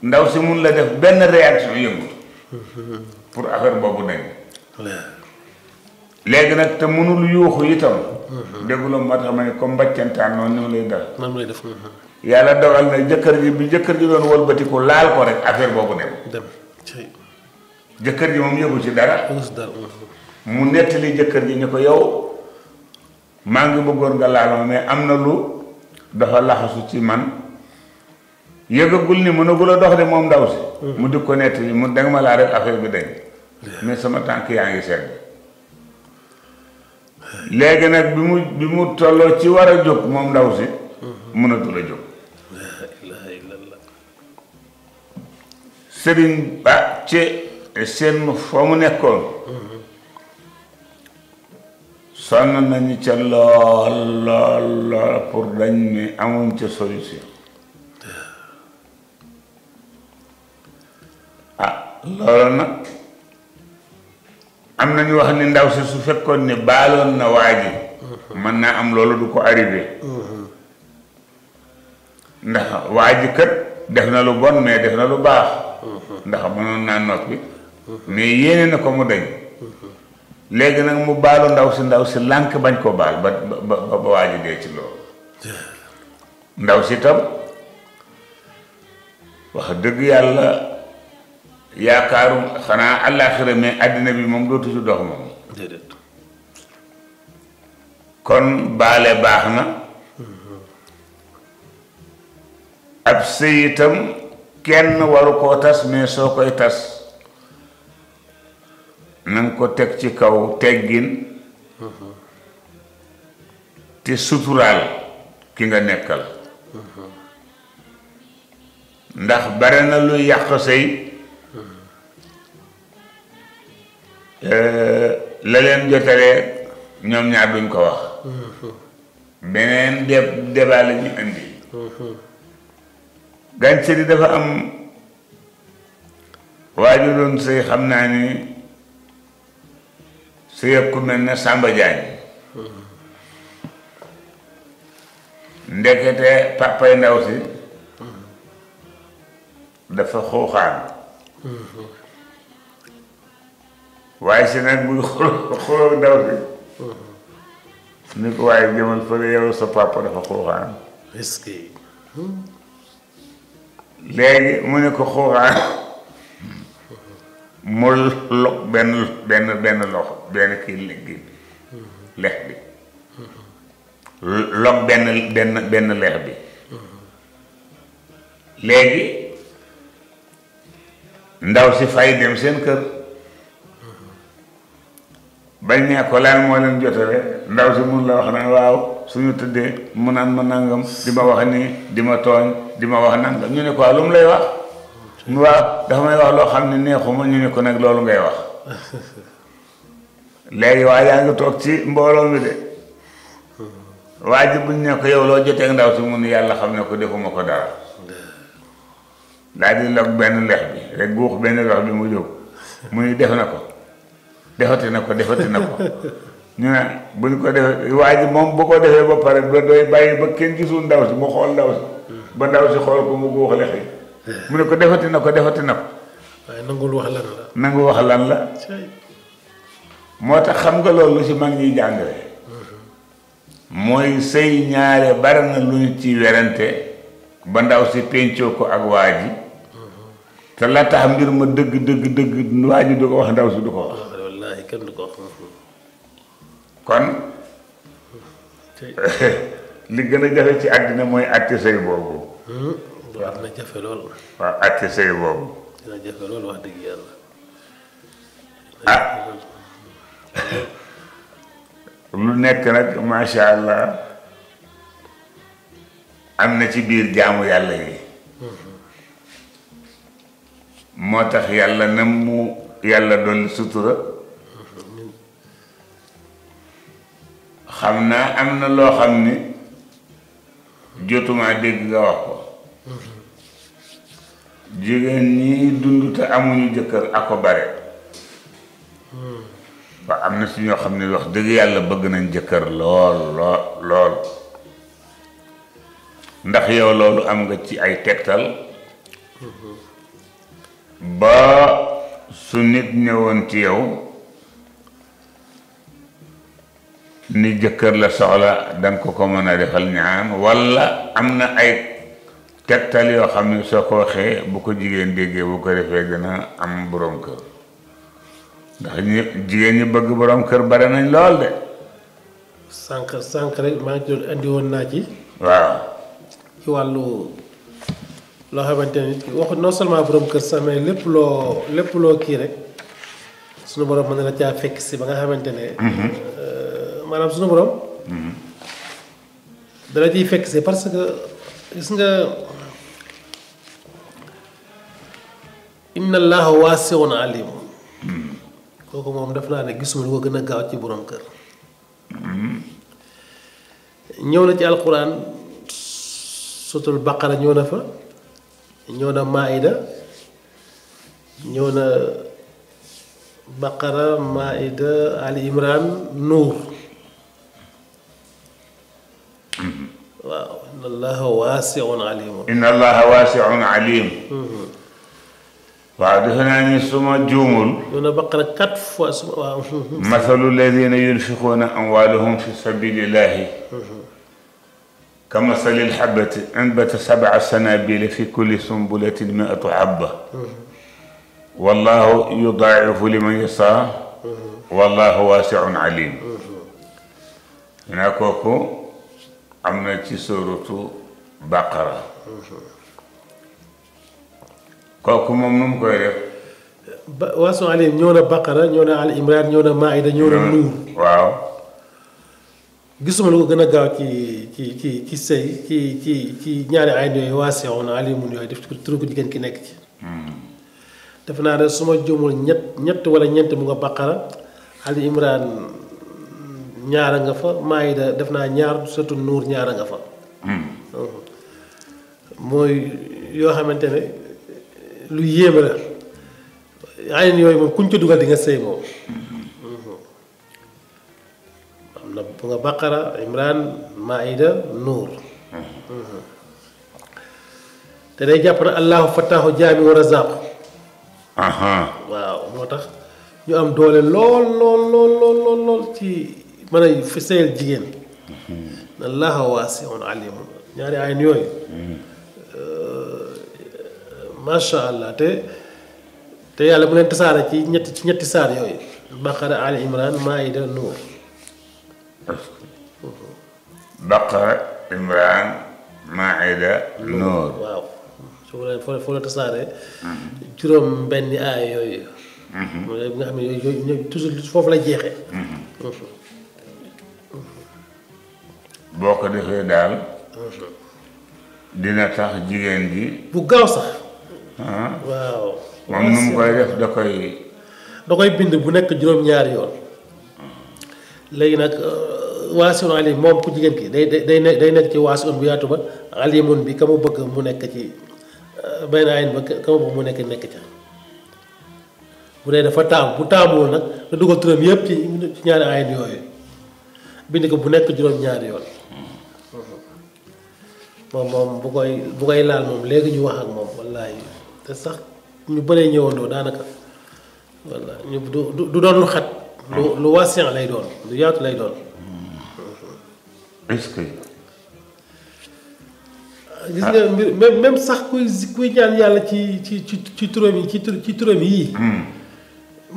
ndaw si mun la def benn réaction yëngu mhm. pour affaire boobu nañ léegi nag te mënul yuuxu itam. Mm-hmm. dégguloo moo tax ma ne comme mbàccantaan noonu ni mu lay dal. Mm-hmm. yàlla dogal na jëkkër ji bi jëkkër ji doon wëlbatiku laal ko rek affaire boobu dem. dem jëkkër ji moom yëgu ci dara. Mm-hmm. mu nettali jëkkër ji ñu ko yow maa ngi bëggoon nga laal ma mais am na lu dafa laxasu ci man yëgagul ni mënagul a dox de moom ndaw si. mu di ko nettali mu danga ma laa rek affaire bi dañ. mais sama tànk yaa ngi seet. léegi nag bi mu bi mu tolloo ci war a jóg moom ndaw si mhm. mënatul a jóg sëriñ ba ci seen fa mu nekkoon mhm. sonn nañu ca lool lool lool pour dañ ni amuñ ca solution ah loolu am na ñu wax ni ndaw si su fekkoon ne baaloon na waa ji mën naa am loolu du ko arrivé ndax waa ji kat def na lu bon mais def na lu baax ndax mënoon naa noppi mais yéene na ko mu dañ léegi nag mu baalu ndaw si ndaw si lànk bañ ko baal ba ba ba waa dee ci loolu ndaw si tam wax dëgg yàlla yaakaaru xanaa àllaaxira mais àddina bi moom dootu si dox moom kon baale baax na ab sëy itam kenn waru koo tas mais soo koy tas na nga ko teg ci kaw teggin te suturaal ki nga nekkal mhm. ndax bare na luy yàq sëy Euh, la leen ñoom ñaar duñ ko wax beneen deb débat la indi gàncax gi dafa am waaju doon sëy xam naa ni su yëpp ku mel ne Samba Diagne ndekete papay ndaw si dafa xuuxaan waaye si nag muy xuloo xuloo ndaw si mm-hmm. ni ko waaye jëmal fële yow sa papa dafa xuuxaan hmm? léegi mu ne ko xuuxaan mm-hmm. mu lo benn benn benn loxo benn kii léeg mm-hmm. bi lex benn benn benn lex bi léegi ndaw si fay dem seen kër bañ nee ko lan moo leen jotale ndaw si mun la wax na waaw suñu tëddee mu naan ma nangam di ma wax nii di ma tooñ di ma wax nangam ñu ne ko lu mu lay wax mu waaw dafa may wax loo xam ne neexuma ñu ne ko nag loolu ngay wax léegi waa yaa ngi toog ci mbooloo mi de waa ji buñ ne ko yow loo jotee ndaw si mun yàlla xam ne ko defuma ko dara daal di log benn lex bi rek guux benn lex bi mu jóg muy def na ko defati na ko defati na ko ñu ne buñ ko defee waa ji moom bu ko defee ba pare ba doy bàyyi ba kenn gisul ndaw si mu xool ndaw si ba ndaw si xool ko mu góox lex yi mu ne ko defati na ko defati na ko waaye nangul wax wax lan la tax xam nga loolu si mag ñi jàngale mooy sëy ñaare bari na lu ci werante ba ndaw si pencoo ko ak waa te la tax mbir ma dëgg dëgg dëgg waa du ko wax ndaw si du ko wax kenn du kon. li gën a jafe ci àddina mooy àtte sëy boobu. Hmm, waaw àtte sëy boobu. ah. lu nekk nag macha allah am na ci biir jaamu yàlla yi. Hmm. moo tax yàlla na mu yàlla doon sutura. xam naa am na loo xam ni jotuma dégg nga wax ko jigéen ñi dund te amuñu jëkkër ak ko bare ba am na si ñoo xam ne wax dëgg yàlla bëgg nañ jëkkër lool lool lool ndax yow loolu am nga ci ay tegtal mm-hmm. ba su nit ñëwoon ci yow ni jëkkër la soxla danga ko ko mën a defal ñaan walla am na ay tegtal yoo xam ne soo ko waxee bu ko jigéen déggee bu ko defee dina am boroom kër ndax ñu jigéen ñi bëgg boroom kër bari nañ lool de sànq sànq rek maa ngi doon andi naa ci waaw ci wàllu loo xamante ni waxu non seulement boroom kër sax mais lépp loo lépp loo kii rek suñu boroom mën na la caa fekk si ba nga xamante ne mhm. maanaam suñu borom. Mhm. dala ciy fekk c'est parce que gis nga. inna allaha waasiun alim mhm. kooku moom def naa ne gisuma lu ko gën a gaaw ci borom kër. Mhm. ñëw na ci alquran sotul baqara ñëw na fa ñëw na maida ñëw na baqara maida ali imran nuur إن الله واسع عليم إن الله واسع عليم بعد هنا نسمى جمل هنا بقرة كتف مثل الذين ينفقون أموالهم في سبيل الله كمثل الحبة أنبت سبع سنابل في كل سنبلة مائة حبة والله يضاعف لمن يشاء والله واسع عليم هناك وكو am na ci suratu baqara ko moom nu mu koy def ba waasu ali ñona baqara ñona al imran ñona maida ñona nu waaw gisuma lu ko ki ki gaaw ci ci ci ci sey ci ci ci ñaari ay yooyu waa ali mun yooyu def turu ko jigéen ki nekk ci hmm. defna naa suma su ñet ñet wala ñent mu nga baqara al imran ñaara nga fa maayida def naa ñaar surtout nuur ñaara nga fa hmm. mooy yoo xamante ne lu yéeme la yeneen yooyu moom kuñ ca dugal di nga sëy moom hmm. am bu nga baqara imran maayida nuur hmm. te day jàpp na allahu fattaahu jaami wa razaqu waaw moo tax ñu am doole lool lool lool lool ci mën a fi sëyal jigéen allaha waasiun alim ñaari ayin yooyu macha allah te te yàlla mu leen tasaare ci ñetti ci ñetti saar yooyu baqara ali imran maida nuur baqara imran maida nuur waaw su ko foo foo la tasaare juróom benn aay yooyu nga xam ne yooyu yooyu toujours foofu la jeexee boo ko defee daal dina tax jigéen ji bu gaaw sax ah. waaw moom mu koy def da koy da koy bind bu nekk juróom-ñaari yoon léegi nag euh, waasun alim moom ku jigéen ki day day day nekk ci waasun bu yaatu ba alimun bi ka mu bëgg mu nekk ci euh, bay naa ba ka mu bëgg mu nekk nekk ca bu dee dafa taam bu taamuwul nag du dugal turam yëpp ci ñaari ayin yooyu bind ko bu nekk juróom-ñaari yoon moom moom bu koy bu koy laal moom léegi ñu wax ak moom wallaahi te sax ñu bëree ñëwandoo daanaka walla ñu du du doon xat. lu lu wasiyan lay doon lu yaatu lay doon. Mm-hmm. est-ce que. sax kuy kuy ñaan yàlla ci ci ci ci turam yi ci ci turam yii. Mm-hmm.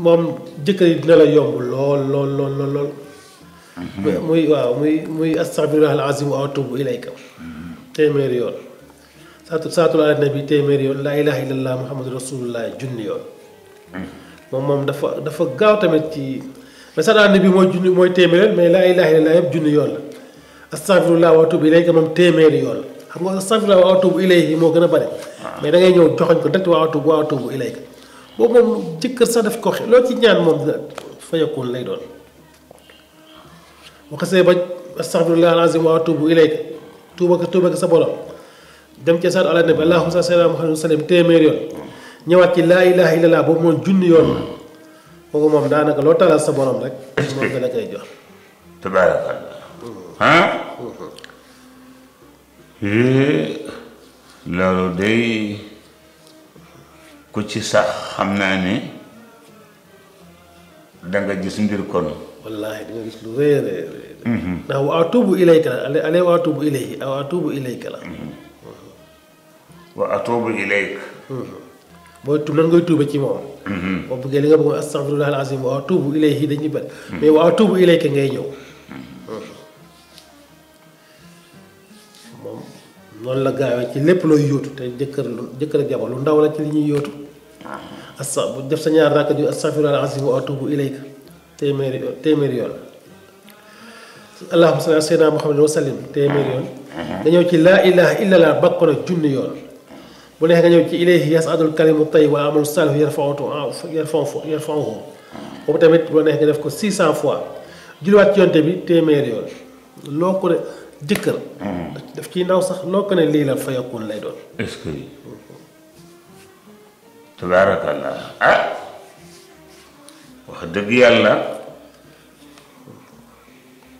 moom jëkkër yi dina la yomb lool lool lool lool mm-hmm. muy waaw muy muy astaghfirullah al azim wa atubu ilayka téeméer yoon saatu saatu laa nabi téeméer yoon laa ilaha illallah muhammadu rasulullah junni yoon moom moom dafa dafa gaaw tamit ci mais saatu laa nabi mooy junni mooy téeméer mais laa ilaha illallah yëpp junni yoon la astafirullah wa atubu ilayka moom téeméeri yoon la xam nga astafirullah wa atubu ilayhi moo gën a bëri mais da ngay ñëw joxoñ ko direct wa atubu wa atubu ilayka boobu moom jëkkër sax daf ko xe loo ci ñaan moom dina fayakoon lay doon bu xasee ba astafirullah alazim wa atubu ilayka tuba ka tuba ka sa borom dem ci saatu ala nabi allahumma salli ala muhammad sallam temer yon ñewat ci la ilaha illallah bo mo junni yon la kooku moom daanaka lo talal sa borom rek moom la kay jox tabarakallah eh, la lo day ku ci sax xamna ne da nga gis ndir kon wallahi da nga gis lu reere ndax wa atubu ilayka la ale wa atubu ilayhi wa la wa atubu ilayk booy tuub lan ngay tuube ci moom boo bëggee li nga bëgg astaghfirullah alazim wa atubu ilayhi dañuy bëri mais ngay ñëw moom noonu la gaawee ci lépp looy yóotu te jëkkër lu jëkkër ak jabar lu ndaw la ci li ñuy yóotu asa bu def sa ñaar rakk ju astaghfirullah alazim wa atubu ilayka téeméeri yoon téeméeri yoon اللهم صل على سيدنا محمد وسلم تيمير يون دا نيو لا اله الا الله بكر جون يون بو نه نيو سي اليه يسعد الكلم الطيب وعمل الصالح يرفعه يرفعه يرفعه بو تاميت بو نه ديف كو 600 فوا جلو وات يونت بي تيمير يون لوكو ديكر داف كي ناو صاح لوكو ن لي لا فيكون لاي دون اسكو تبارك الله اه واخ دغ يالله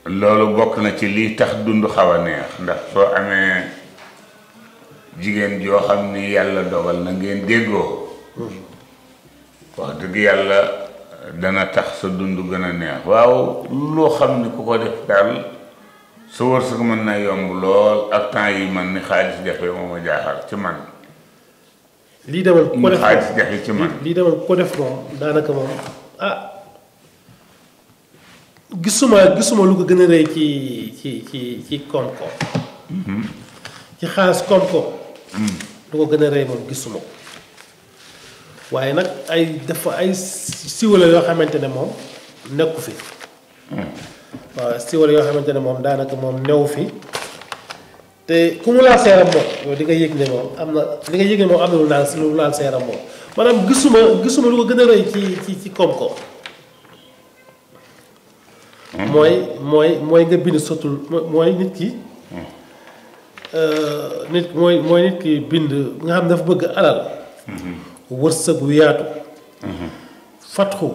lolu bok na ci li tax dund xawa neex ndax fo amé jigen jo xamni yàlla dogal na ngeen deggo wax deug yàlla dana tax sa dund gëna neex waaw lo xamni ni ku ko def daal su wërsëg mën na yomb lool ak temps yi man ni xaalis defé moma jaaxal ci man li dawal ko def xaalis jafe ci man lii demal ko def moom daanaka moom ah gisuma gisuma lu ko gën a rëy ci ci ci ci koom-koom. Mm-hmm. ci xaalis koom-koom. lu ko gën a rëy moom gisuma ko waaye nag ay dafa ay siwala yoo xamante ne moom nekku fi. Mm. waaw siwala yoo xamante ne moom daanaka moom newu fi te ku mu laal seeram moom yow di nga yëg ne moom am na li nga yëg ne moom am na lu laal lu laal moom maanaam gisuma gisuma lu ko gën a rëy ci ci ci koom-koom. Hmm. mooy mooy mooy nga bind sotul mooy nit ki. Hmm. Euh, nit mooy mooy nit ki bind nga xam ne dafa bëgg alal. Hmm. wërsëg wu yaatu. fatxu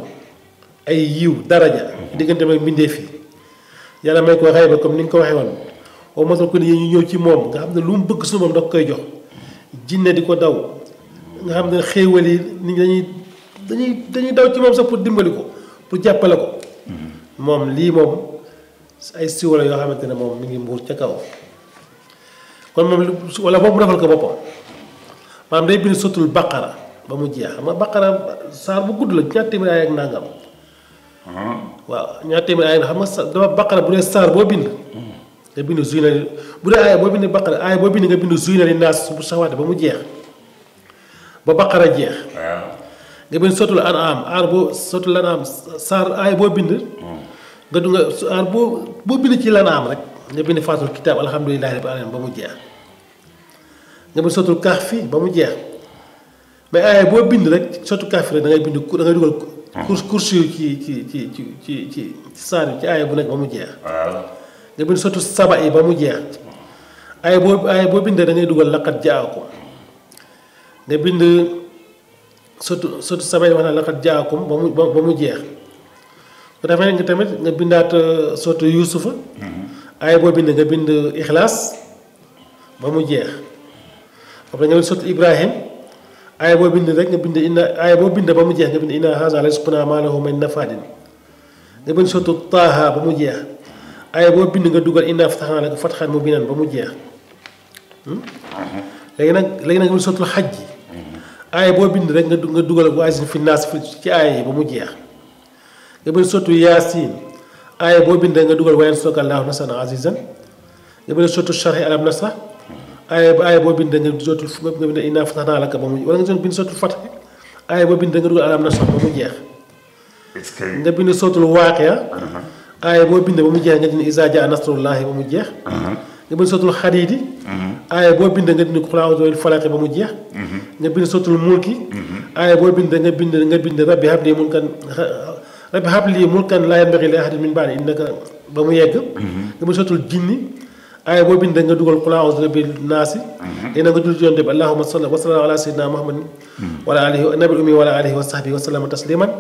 ay yiw daraja. diggante ak mbindeef yi yàlla may ko waxee ba comme ni nga ko waxee woon au moins que ñu ñëw ci moom nga xam ne lu mu bëgg su moom koy jox. jinne di ko daw nga xam ne xéewal yi nit ñi dañuy dañuy dañuy daw ci moom sax pour dimbali ko pour jàppale ko. moom lii moom ay siwo la yoo xamante ne moom mi ngi mbuur ca kaw kon moom wala boobu mu defal ko boppam maanaam day bind sotul baqara ba mu jeex xam nga baqara saar la ñaar téeméer uh-huh. waaw ñaar téeméer ay xam nga sa dafa bu dee saar boo bind. nga bind zuy na bu dee aaya boo bind baqara aaya boo bind nga bind zuy na li naas ba mu jeex ba baqara jeex. nga bind sotul anaam boo sotul anaam saar aaya boo bind. Uh-huh. nga du nga ar bo bo boo bind ci lana am rek nga bind fatul kitab alhamdulilahi rabbil alamin ba mu jeex ne bind sotul kahfi ba mu jeex mais ay bo bind rek sotul kahfi rek da ngay bind da ngay dugal course ah. course yu ci ci ci ci ci ci sar ci ay bu nek ba mu jeex ne bind sotul sabai yi ba mu jeex ay bo ay bo bind da ngay dugal laqad jaako ne bind sotu sotul saba yi wax na jaakum ba mu ba mu jeex bu defee nga tamit nga bindaat euh, sotti yuusufa mm-hmm. aaya boo bind nga bind ixlaas ba mu jeex après nga bind sotti ibrahim aaya boo bind rek nga bind inna aaya boo bind ba mu jeex nga bind inna haza la ma lahu min nafaadin nga bind ba mu jeex aaya boo bind nga dugal inna fataxnaa laka fatxan mubiinan ba mu jeex hmm? mm-hmm. nag léegi nag nga bind sotti xaj mm-hmm. aaya boo bind rek nga dugal waasin fi naas fi ci aaya yi ba mu jeex nga bëri sotu yaasin aaya boo bindee nga dugal wayen soog allahu nasran azizan nga bëri sotu charhi alam nasra aaya aaya boo bindee nga sotu nga bind inna fatahna laka ba mu wala nga bind sotu fatah aaya boo bindee nga dugal alam nasra ba mu jeex. nga bind sootul waaqia uh-huh. aaya boo bindee mu jeex nga dindi izaa jaa nasrullahi ba mu jeex uh-huh. nga bind sootul xadiidi uh-huh. aaya boo bindee nga dindi qul a'uuzu bil ba mu jeex nga bind sootul mulki aaya boo bindee nga bind nga bind rabbi habli mulkan rabbi habli mulkan laa yanbaghi li ahadin min ba'di innaka ba mu yegg nga mu sotul jinni aaya boo bind nga dugal qul a'udhu bi rabbil naasi dina nga jul ci yonte bi allahumma salli wa sallam ala sayyidina muhammadin wa ala alihi wa nabi ummi wa ala alihi wa sahbihi wa sallama tasliman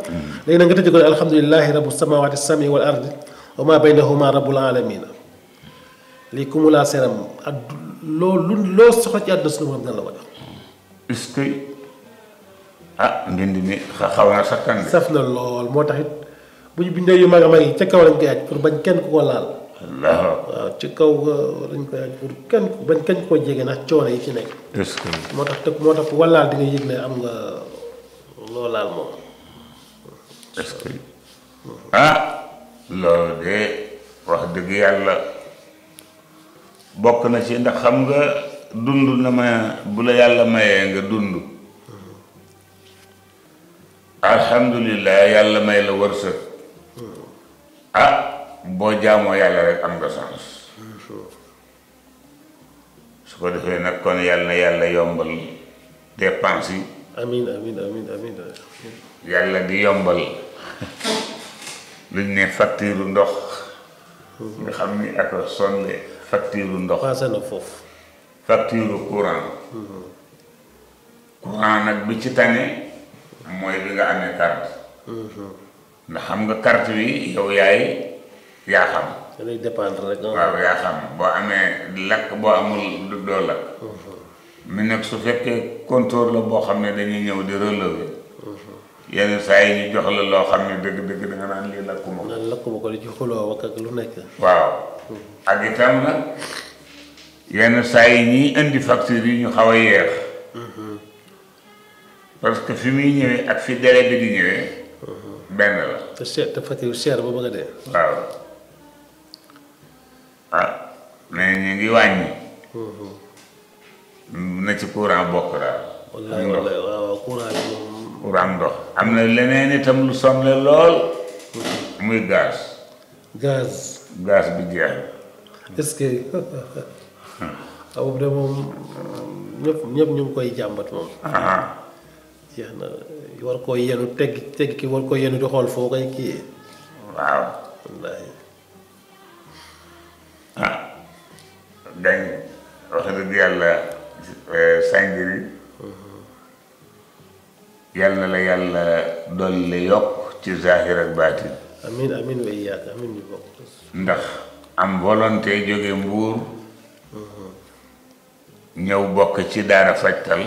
léegi nag nga tëjee ko alhamdulillahi rabbis samawati sami wal ardi wa ma baynahuma rabbul alamin lii ku mu laa seeram ak loo lu loo soxla ci àdduna suñu borom dina la ko jox est-ce que ah mbind mi xaw na sakkan saf na lool moo tax it bu ñu bindee yu mag a mag yi ca kaw lañ koy aj pour bañ kenn ku ko laal. waaw ci kaw lañ koy aj pour kenn bañ kenn ko jege ndax coono yi ci nekk. moo tax te moo tax walaal di nga yëg ne am nga loo laal moom. ah loolu de wax dëgg yàlla bokk na ci ndax xam nga dund na ma bu la yàlla mayee nga dund. Mm-hmm. alhamdulilah yàlla may la wërsëg. ah boo jaamoo yàlla rek am nga sens su ko defee nag kon yàlla na yàlla yombal dépense yi amin amin yàlla di yombal luñ ne facture ndox nga xam ni ak sonde facture ndox passé foofu facture courant courant nag bi ci tane mooy bi nga amee carte mhm. ndax xam nga carte yi yow yaay yaa xam. dafay dépendre rek. Ah. waaw yaa xam boo amee lakk boo amul du doo lakk. Mhm. mu nekk su fekkee compteur boo xam ne dañuy ñëw di relever. Mhm. yenn saa yi ñu jox la loo xam ne dëgg dëgg da nga lii lakkuma. ko li ci xuloo ak lu nekk. waaw. Mhm. ak itam nag yenn saa yi ñiy indi facture yi ñu xaw a yeex. parce que fi muy ñëwee ak fi délai bi di ñëwee. benn la. te seet te Fatick seer ba bëgg a waaw ah mais ñu ngi wàññi. Mm-hmm. na ci courant bokk daal. waaw courant moom. courant ndox am na leneen itam lu sonle lool. Mm-hmm. muy gaz. gaz. gaz bi jeex. est-ce que ah, de moom ñëpp ñëpp ñu koy jàmbat moom. war koo yenu teg teg ki war ko yenu di xool foo koy kii waaw wallaahi ah dañ wax dëgg yàlla eh, sànjiri mhm. yàlla na la yàlla dolli yokk ci zahir ak baatin amin amin way yàgg amin ñu bokk ndax am volonté jóge mbuur mhm. ñëw bokk ci daara fajtal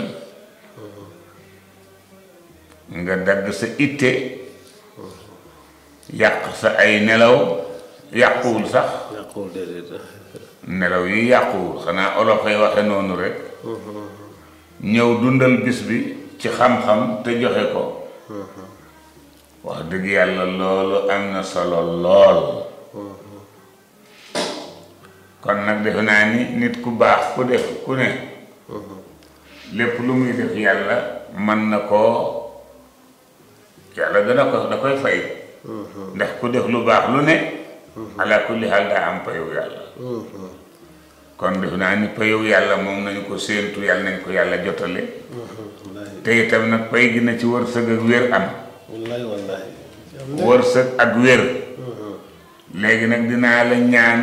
nga dagg sa itte yàq sa ay nelaw yàquwul sax nelaw yi yàquwul xanaa olof ay waxe noonu rek ñëw dundal bis bi ci xam-xam te joxe ko wax dëgg yàlla loolu am na solo lool kon nag defe naa ni nit ku baax ku def ku ne uhuh. lépp lu muy def yàlla mën na ko yàlla dana ko da koy fay. Mm-hmm. ndax ku def lu baax lu ne. Mm-hmm. ala kulli xaal daa am payow yàlla. Mm-hmm. kon def naa ni payow yàlla moom nañu ko séentu yàlla nañ ko yàlla jotale. te itam nag pay gi na ci wërsëg ak wér am. wallaay wallaay. ak wér. léegi nag dinaa la ñaan.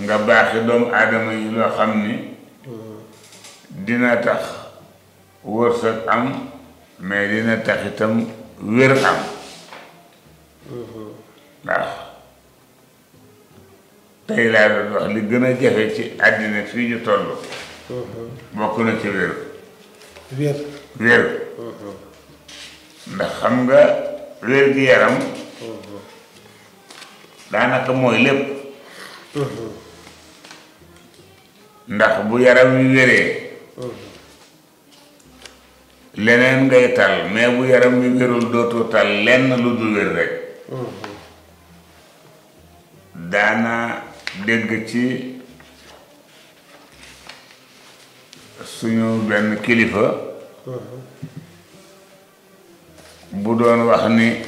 nga baaxi doomu aadama yi loo xam ni. dina tax wërsëg am. mais dina tax itam wér am mhm. waaw tey laa doon li gën a jëfe ci àddina fii ñu toll mhm. bokk na ci wér wér mhm. ndax xam nga wér gi yaram daanaka mooy lépp ndax bu yaram wi wéree leneen ngay tal mais bu yaram bi wérul dootu tal lenn lu dul wér rek daana dégg ci suñu benn kilifa bu doon wax ni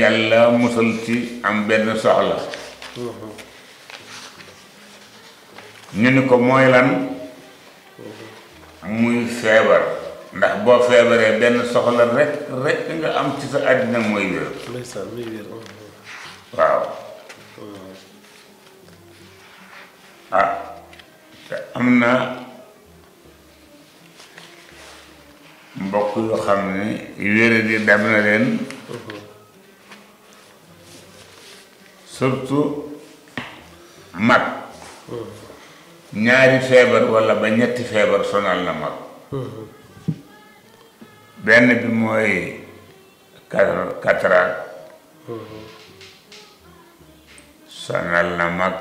yàlla musal ci am benn soxla mm-hmm. ñu ni ko mooy lan muy feebar ndax boo feebaree benn soxla rek rek nga am ci sa àddina mooy wér waaw mm. ah te am na mbokk yoo xam ne wére di dab na leen mm-hmm. surtout mag mm-hmm. ñaari feebar walla ba ñetti feebar sonal na mag benn bi mooy cataracte mooy sonal na mag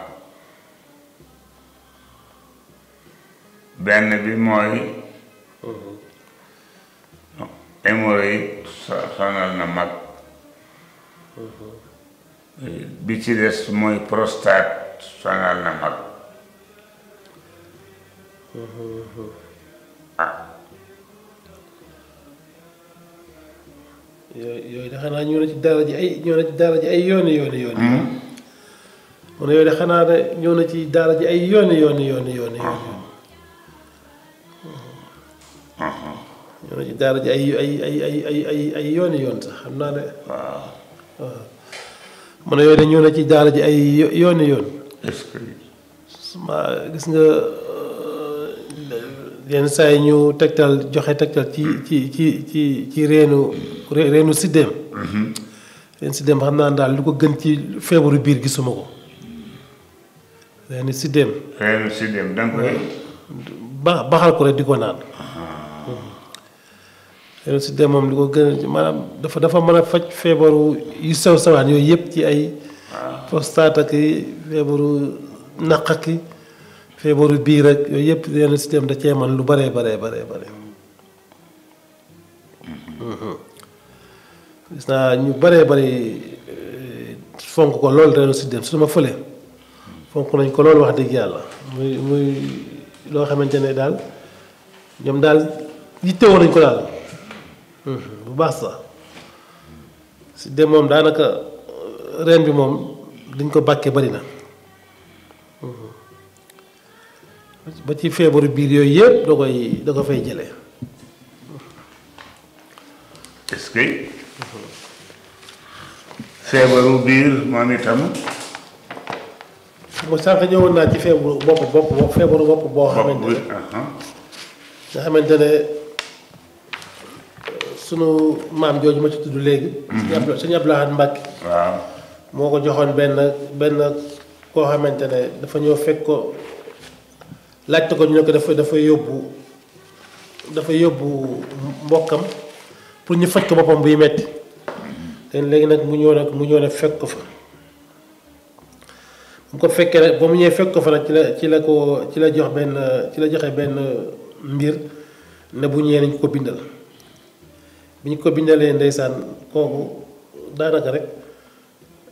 bi ci des mooy prostate sonal na mag waaw. Ah. yooyu yooyu de xanaa ñëw na ci daara ji ay ñëw na ci daara ji ay yooni yooni yooni. Hmm. mu ne yooyu de xanaa de ñëw na ci daara ji ay yooni yooni yooni yooni. Hmm. Hmm. ñëw na ci ay ay ay ay ay ay yooni yoon xam naa ah. Ah. ne. waaw waaw. ci daara ji ay yooni yoon. est gis nga. yenn saa yi ñu tegtal joxe tegtal ci ci ci ci ci reenu reenu reenu siddéem mm-hmm. daal lu ko gën ci feebaru biir gisuma ko reenu siddéem reenu siddéem danga baxal ko rek di ko naan reenu siddéem lu ko gën maanaam dafa dafa mën a faj feebaru yu sew sawaan yooyu yëpp ci ay ah. prostate ak feebaru naq ak feebaru bii rek yooyu yëpp yenn système da cee man lu baree baree baree bare mm-hmm. gis naa ñu baree bari eh, fonk ko loolu ren système su ma fële fonk nañ ko loolu wax dëgg yàlla muy muy loo xamante ne daal ñoom daal yittewoo nañ ko daal mm-hmm. bu baax sa si de moom daanaka ren bi moom liñ ko bàkkee bari na ba ci feebaru biir yooyu yëpp da koy da ko fay jële est-ce feebaru biir moom itam xam nga ñëwoon naa ci feebaru bopp bopp feebaru bopp boo xamante ne nga euh, sunu maam jooju ma ci tudd léegi suñu mhm. Abdou Lahad Mbacké waaw moo ko joxoon benn benn koo xamante ne dafa ñëw fekk ko laajte ko ñu ne ko dafa dafa yóbbu dafa yóbbu mbokkam pour ñu faj ko boppam buy metti léegi nag mu ñëw nag mu ñëw nag fekk ko fa bu ko fekkee rek ba mu ñëwee fekk ko fa nag ci la ci la ko ci la jox benn ci la joxe benn mbir ne bu ñëwee ko bindal bi ko bindalee ndeysaan kooku daanaka rek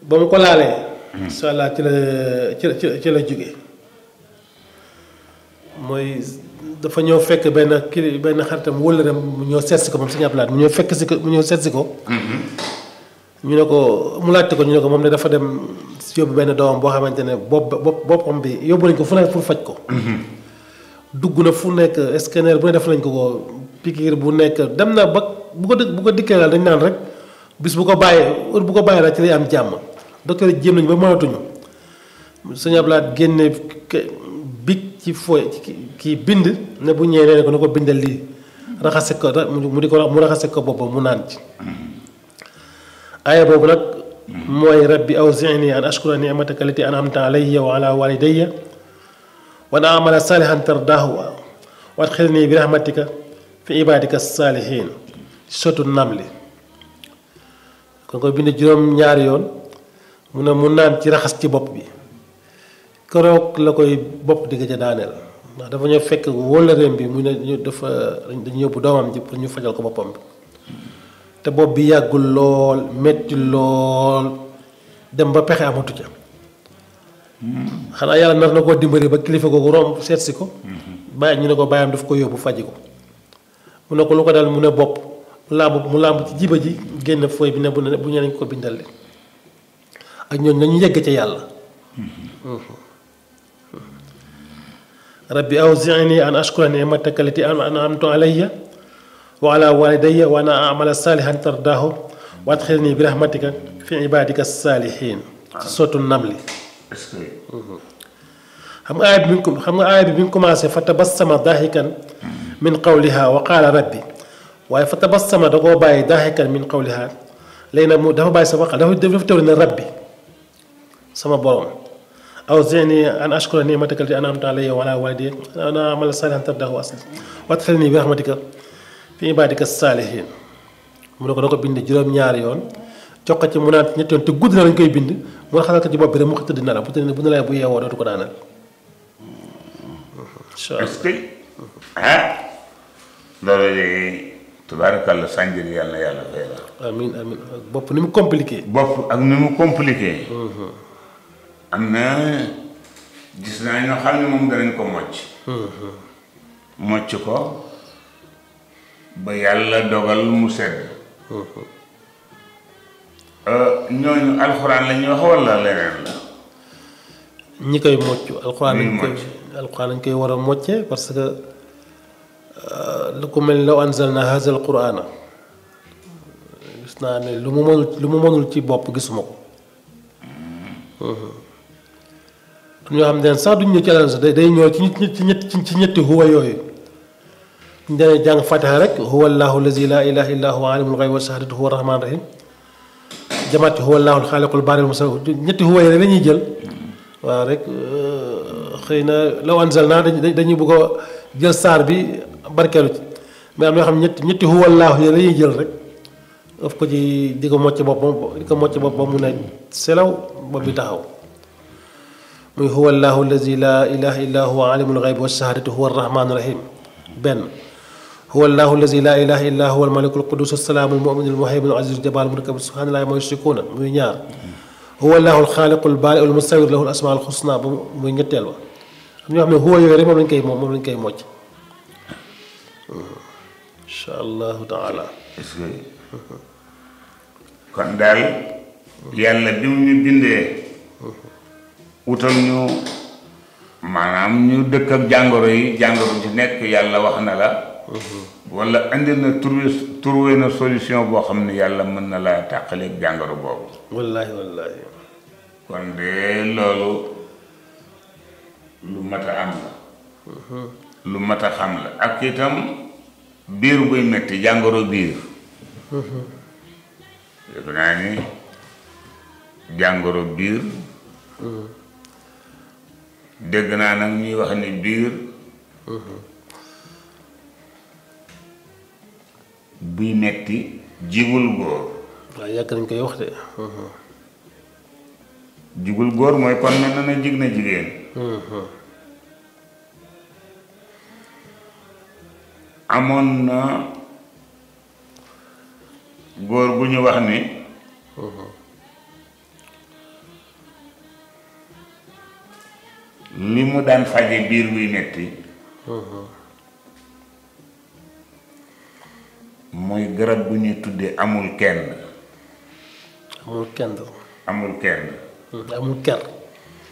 ba ko laalee. Hmm. incha ci la ci la ci la jógee. mooy dafa ñëw fekk benn kii benn xaritam wëllëram mu ñëw seet si ko moom Sëñ Abdou mu ñëw fekk si ko mu ñëw seet si ko. Mm-hmm. ñu ne ko mu laajte ko ñu ne ko moom ne dafa dem yóbbu benn doomam boo xamante ne bopp bopp boppam bi yóbbu lañ ko fu nekk pour faj ko. Mm-hmm. dugg na fu nekk scanner bu def nañ ko ko pikiir bu nekk dem na ba bu ko bu ko dikkee daal dañ naan rek bis bu ko bàyyee bu ko bàyyee daal ci lay am jàmm docteur yi jéem nañ ba mënatuñu Sëñ Abdou génne. ci fo ki bind ne bu ñëwé ne ko na bindal li raxasse ko mu di ko mu raxasse ko boppam mu naan ci aaya bobu nak moy rabbi awzi'ni an ashkura ni'mataka allati an'amta alayya wa ala walidayya wa na'mala salihan tardahu wa adkhilni bi rahmatika fi ibadika salihin sotu namli ko ko bind juróom ñaar yoon mu ne mu naan ci raxas ci bop bi keroog la koy bopp di gëj a daaneel ndax dafa ñoo fekk wóllareem bi mu ne ñu dafa dañu yóbbu doomam ji pour ñu fajal ko boppam bi te bopp bi yàggul lool metti lool dem ba pexe amatu xanaa yàlla nar na koo dimbali ba kilifa googu romb seet si ko bàyyi ñu ne ko bàyyam daf ko yóbbu faji ko mu ne ko lu ko dal mu ne bopp mu làmb mu làmb ci jiba ji génn fooy bi ne bu ne bu ñee ko bindal ak ñooñu nañu yegg ca yàlla ربي أوزعني أن أشكر نعمتك التي أنعمت علي وعلى والدي وأنا أعمل صالحا ترضاه وأدخلني برحمتك في عبادك الصالحين صوت النمل هم آيب منكم هم آيب منكم عسى فتبسم ضاحكا من قولها وقال ربي وفتبسم دغو باي ضاحكا من قولها لين مو دغو باي سبق له دفتر ربي سما بروم او زيني ان اشكر نعمتك أنا انعمت علي وعلى والدي انا عمل صالح ان تبداه اصلا وادخلني برحمتك في عبادك الصالحين مونكو نكو بيند جيروم نيار يون تيوكا تي مونات نيتون تي غودنا نكاي بيند مو خالا تي بوب ري مخ تدنا لا بوتين بو نلاي بو ياو دوتو دانال اسكي أه. ها دوري تبارك الله سانجير يالنا يالا فيلا امين امين بوب نيمو كومبليكي بوب اك نيمو كومبليكي am na gis naa ñoo xam ne moom danañ ko mocc mocc ko ba yàlla dogal mu sedd euh, ñooñu alxuraan lañuy wax walla leneen la ñi koy mocc alxuraan lañ koy alxuraan lañ koy war a mocce parce que euh, lu ko mel law anzalna haazal quraana gis naa ne lu mu mënul lu mu mënul ci bopp gisuma ko mm-hmm. Mm-hmm. ñoo xam ne sax duñ ñëw ci alal sax day ñëw ci ci ñetti ci ñetti huwa yooyu ñu daan jàng fatiha rek huwa allahu lazi la ilaha illa huwa alimul ghaybi wa shahadatu huwa rahman rahim jamaat huwa allahu alxaaliqul baari musaw ñetti huwa yi rek la ñuy jël waaw rek xëy na law anzal naa dañuy bëgg a jël saar bi barkeelu ci mais am na yoo xam ñetti ñetti huwa allahu yi la ñuy jël rek daf ko ci di ko mocc boppam di ko mocc boppam mu ne selaw ba bi taxaw هو الله الذي لا إله إلا هو عالم الغيب والشهادة هو الرحمن الرحيم بن هو الله الذي لا إله إلا هو الملك القدوس السلام المؤمن المهيمن العزيز الجبار المركب سبحان الله ما يشركون muy ñaar هو الله الخالق البارئ المصور له الأسماء الحسنى ba muy ñetteel wa am ñoo xam ne huwa yooyu rek moom lañ koy moom moom lañ koy mocc incha allahu taala kon daal yàlla bi mu ñu bindee wutal ñu maanaam ñu dëkk ak jàngoro yi jàngoro ji nekk yàlla wax na la mm-hmm. wala indi na trouvé trouvé na solution boo xam ne yàlla mën na laa tàqaleeg jàngoro boobu wallaahi wallaahi kon de loolu lu mat a am la mm-hmm. lu mat a xam la ak itam biir buy metti jàngoro biir yëg mm-hmm. naa ni jàngoro biir dégg naa nag ñuy wax ni biir buy metti jigul góor waaw yàgg nañ koy wax de jigul góor mooy kon mel na na jig na jigéen amoon na góor bu ñu wax ni li mu daan faje biir buy metti mooy mhm. garab bu ñuy tuddee amul kenn amul kenn amul mhm, ker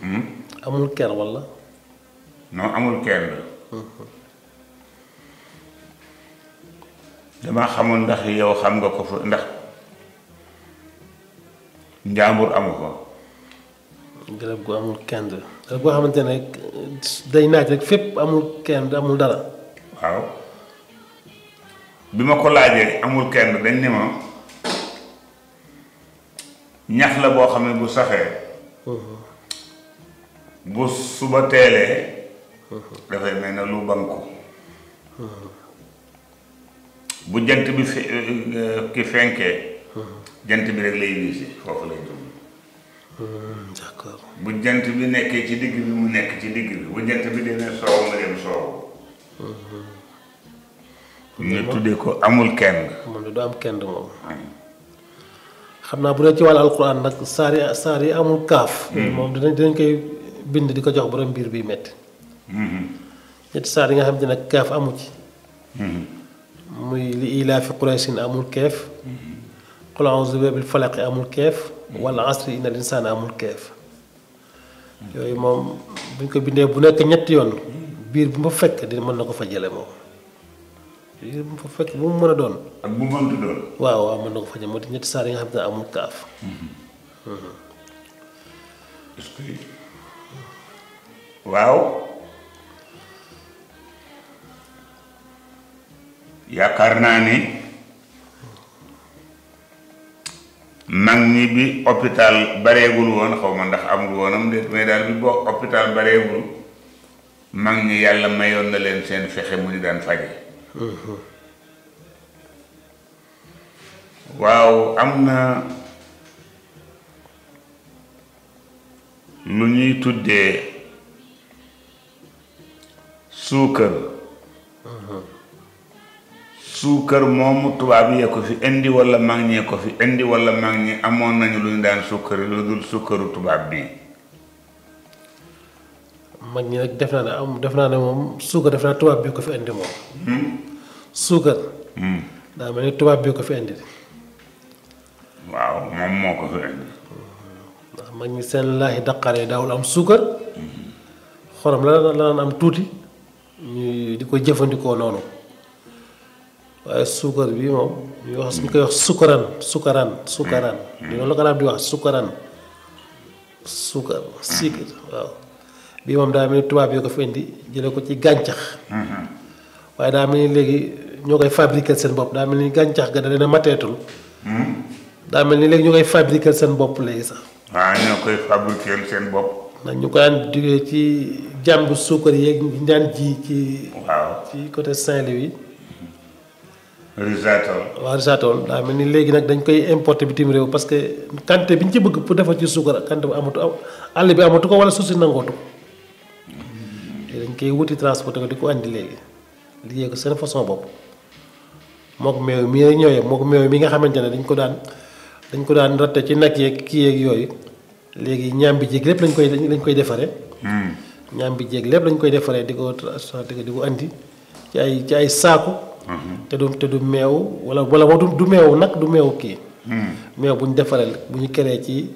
hmm? amul ker walla non amul kenn mhm. dama xamul ndax yow xam nga ko fa ndax njaambur amu ko garab gu amul kend garab goo xamante ne day naaj rek fépp amul kend amul dara. waaw bi ma ko laajee amul kend dañ ne ma ñax la boo xam ne bu saxee. Mhm. bu suba teelee. Mhm. dafay mel ne lu banku. bu jant bi fe ki fenkee. Mhm. jant bi rek lay wiisi foofu lay dugg. Hmm, d'accord bu jant bi nekkee ci digg bi mu nekk ci digg bi bu jant bi demee soow mu dem soow. Hmm, hmm. ñu tuddee ko amul kenn. moom du am kenn moom. xam naa bu dee ci wàllu alquran nag saar saar yi amul kaaf. moom dinañ dinañ koy bind di ko jox borom biir biy métti. ñetti saar yi nga xam ne nag kaaf amu ci. muy li ilaafi quraysin amul keef. qul bi rabbil amul keef. wal asri inal insana amul keef yoy mom buñ ko bindé bu nek ñett yoon biir bu ma fekk di mën nako fa jële mom biir bu fa fekk bu mu mëna doon ak bu mën doon waaw waaw mën na fa jële mo ñett saar yi nga xam amul kaf mm-hmm. waaw yaakaar naa ni mag ñi bi hôpital bareegul woon xaw ma ndax amul woonam déet mais daal bi boo hôpital bareegul mag ñi yàlla mayoon na leen seen fexe mu ñu daan faje waaw am na lu ñuy tuddee suukar سكر مام توابي يكفي عندي ولا مغني يكفي عندي ولا مغني أمان نجلون دان سكر لودل سكر توابي مغني لك دفنا أنا أم دفنا أنا مام سكر دفنا توابي يكفي عندي مام سكر نعم أنا توابي يكفي عندي واو مام ما كفي عندي مغني سن الله دقر يا داول أم سكر خرم لا لا لا أم تودي دي كوجفن دي كونانو waaye eh, suukar bi moom ñu wax ñu koy wax sukaran sukaran sukaran li hmm. loolu ko di wax sukaran suukar hmm. sikar waaw bii moom daa mel ni tubaab yoo ko fi indi jële ko ci gàncax hmm. waaye daa mel ni léegi ñoo koy fabriquer seen bopp daa mel ni gàncax ga da leen a mateetul daa mel ni léegi ñu koy fabriquer seen bopp léegi sax waaw ñoo koy fabriquer seen bopp ndax ñu ko daan jógee ci jàmb suukar yeeg ñu ji ci ci côté Saint-Louis risatol waaw risatol daa mel ni léegi nag dañ koy importer bitim réew parce que quantité bi ñu ci bëgg pour defar ci suukar quantité bu amatu àll bi amatu ko wala suuf si nangootu dañ koy wuti transporté ko di ko indi léegi liggéey ko seen façon bopp moo ko mi ñëwee moo ko meew mi nga xamante ne dañ ko daan dañ ko daan ratte ci nag yeeg kii yeeg yooyu léegi ñaam bi jéeg lépp lañ koy lañ koy defaree. Hmm. ñaam bi jéeg lépp lañ koy defaree di ko transporté di ko andi ci ay ci ay saaku. te du te du meew wala wala du meew nag du meew kii. Hmm. meew bu ñu defaree bu ñu keree ci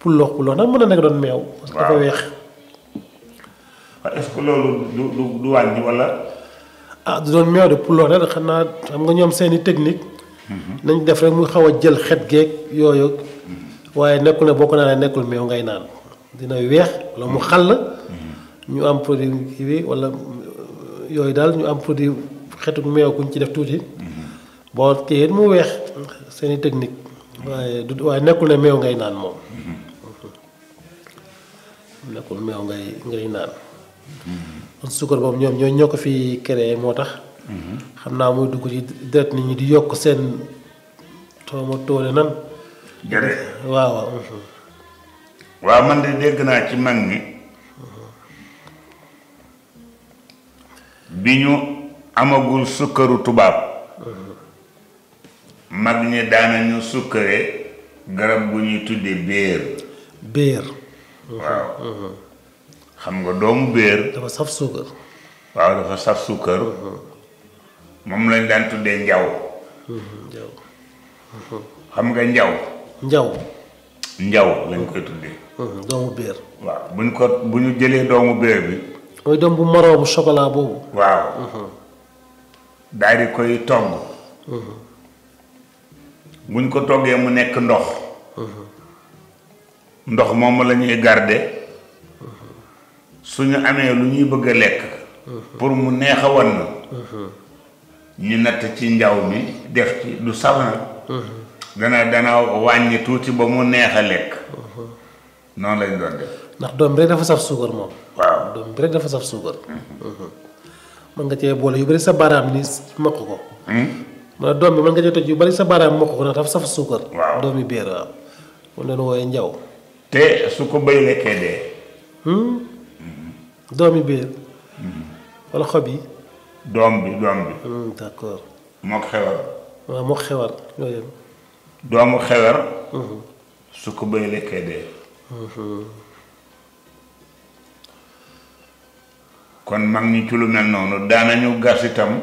puloox puloox nag mën na nekk doon meew. parce que dafa weex. Ah, est-ce que loolu du du du wàññi wala. ah du doon meew de puloox rek xam nga ñoom seeni technique. Hmm. nañ def rek mu xaw a jël xet geeg yooyu. Hmm. waaye nekkul ne boo ko naanee nekkul meew ngay naan dina weex wala mu xàll. ñu am produit kii bi wala yooyu daal ñu am produit. xetu meew kuñ ci def tuuti boo kii mu weex seeni technique waaye du waaye nekkul ne meew ngay naan moom nekkul meew ngay ngay naan kon sukkar boobu ñoom ñoo ñoo ko fi créé moo tax xam naa muy dugg ci deret nit ñi di yokk seen tooma tóole nan waaw waaw waaw man de dégg naa ci mag ñi bi ñu amagul sukkaru tubaab mag ñi daanañu sukkare garab bu ñuy tudde béer béer waaw uh-huh. xam nga doomu béer dafa saf sukkar waaw dafa saf sukkar uh-huh. moom lañ daan tuddee njaw uh-huh. xam nga njaw njaw njaw lañ koy tuddee doomu béer waaw buñ ko bu ñu jëlee doomu béer bi mooy doom bu maroomu chocolat boobu waaw daal di koy togg buñ ko toggee mu nekk ndox ndox moom la ñuy garde suñu amee lu ñuy bëgg a lekk pour mu neex a wan ñu natt ci njaw mi def ci du savana dana dana wàññi tuuti ba mu neex a lekk noonu lañ doon def ndax doom bi rek dafa saf suukar moom waaw doom bi rek dafa saf suukar mën nga cee boole yu bari sa baaraam ni mokk ko. ma hmm? doom bi mën nga cee toj yu bari sa baaraam mokk ko ndax dafa saf suukar. doomi beer waaw. su ko bay lekkee dee. Hmm? doomi hmm. xob yi. doom bi doom bi. d'accord. mook xewar. waaw mook xewar doomu xewar. su ko bay lekkee dee. kon mag ñi ci lu mel noonu daanañu gas itam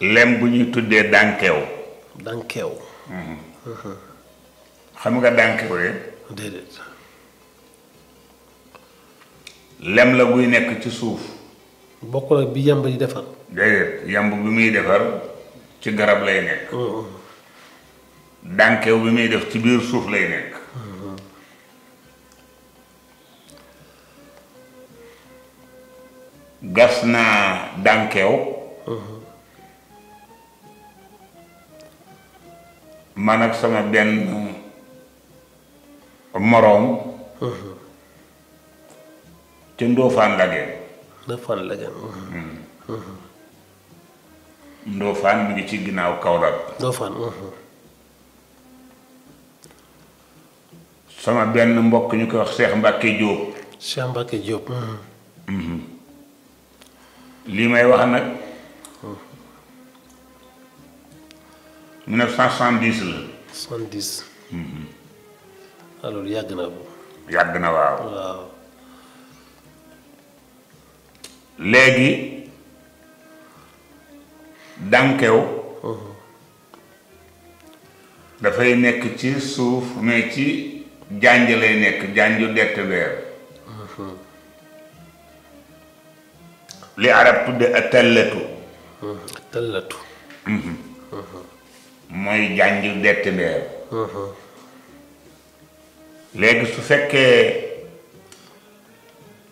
lem bu ñuy tuddee dànkew dànkeew mm-hmm. xam nga dànkeew rek déedéet lem la buy nekk ci suuf bokk ak bi yamb di defar déedéet yamb bi muy defar ci garab lay nekk mm-hmm. dànkeew bi muy def ci biir suuf lay nekk gas naa dànkeew man ak sama benn moroom ca Ndofane Lageen Ndofane Lageen mm-hmm. Ndofane mi ngi ci ginnaaw Kaolack Ndofane mm-hmm. sama benn mbokk ñu koy wax Cheikh Mbacke Diop Cheikh Mbacke lii may wax nag 1970 la. 70. Mhm. ah loolu yàgg na yàgg na waaw. léegi dànkew. Mhm. dafay nekk ci suuf mais ci janj lay nekk janju dett weer. li arab tudde ak tallatu tallatu mm-hmm. mooy jànj dett ndeer mm-hmm. léegi su fekkee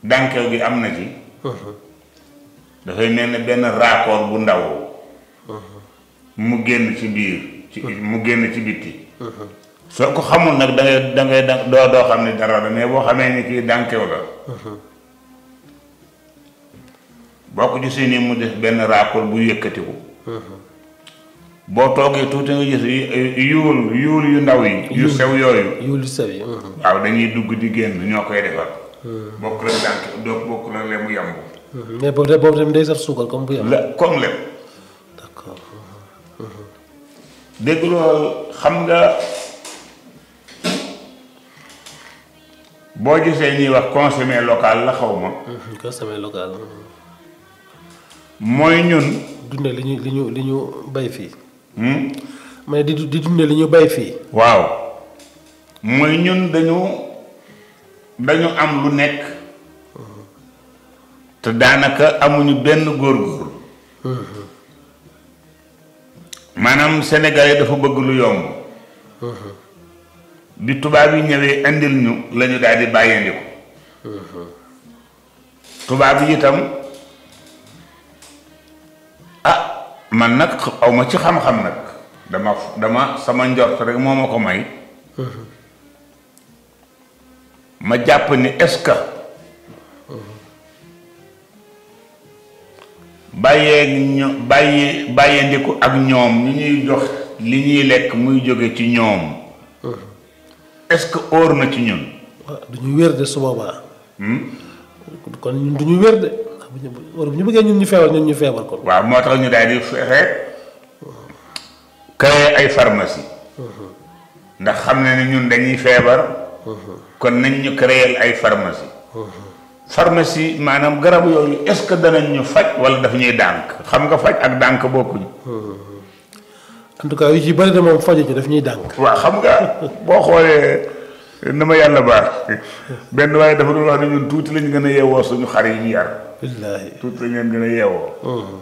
dànkew gi am na ci mm-hmm. dafay mel ni benn raakoor bu ndaw mu génn ci biir ci mu génn ci bitti soo ko xamul nag dangay dangay doo doo xam ne dara la mais boo xamee ni kii dànkew la boo ko gisee nii mu def benn raakool bu yëkkatiku boo toogee tuuti nga gis yuul yuul yu ndaw yi yu sew yooyu yuul yu sew yi uh-huh. waaw dañuy dugg di génn ñoo koy defar uh-huh. bokk la dànk doo bokk la lemu yamb uh-huh. mais boobu de boobu tamit day saf suukar comme bu yamb la loolu xam nga boo gisee ñuy wax consommer local la xaw ma consommer local mooy ñun. dunde li ñu li ñu li ñu bay fii. Hmm? ma di di dunde li ñu bay fii. waaw mooy ñun dañu dañu am lu nekk. te daanaka amuñu benn góorgóorlu. Hmm. maanaam sénégalais dafa bëgg lu yomb. di hmm. tubaab yi ñëwee indil ñu lañu daal di bàyyandi tubaab yi itam. man nag aw ma ci xam-xam nag dama dama sama njort rek moo ma ko may ma jàpp ni est-ce que bàyyee ño bàyyi bàyyee ndiku ak ñoom ñu ñuy jox li ñuy lekk muy jóge ci ñoom est-ce que óor na ci ñun waaw du ñu wér de su boobaa hmm? kon du ñu wér de bu ñu war ñu ñun ñu feebar ñun ñu feebar kon. waaw moo tax ñu daal di fexe créer ay pharmacie ndax xam na ne ñun dañuy feebar. kon nañ ñu créer ay pharmacie pharmacie maanaam garab yooyu est-ce que danañ ñu faj wala daf ñuy dànk xam nga faj ak dànk bokkuñu. en tout ci bari de moom faju ci ñuy dànk. waaw xam nga boo xoolee. na ma yàlla baax benn waaye dafa doon wax ne ñun tuuti lañu gën a yeewoo suñu xar yi ñu yar. tuuti lañ leen gën a yeewoo. Mm-hmm.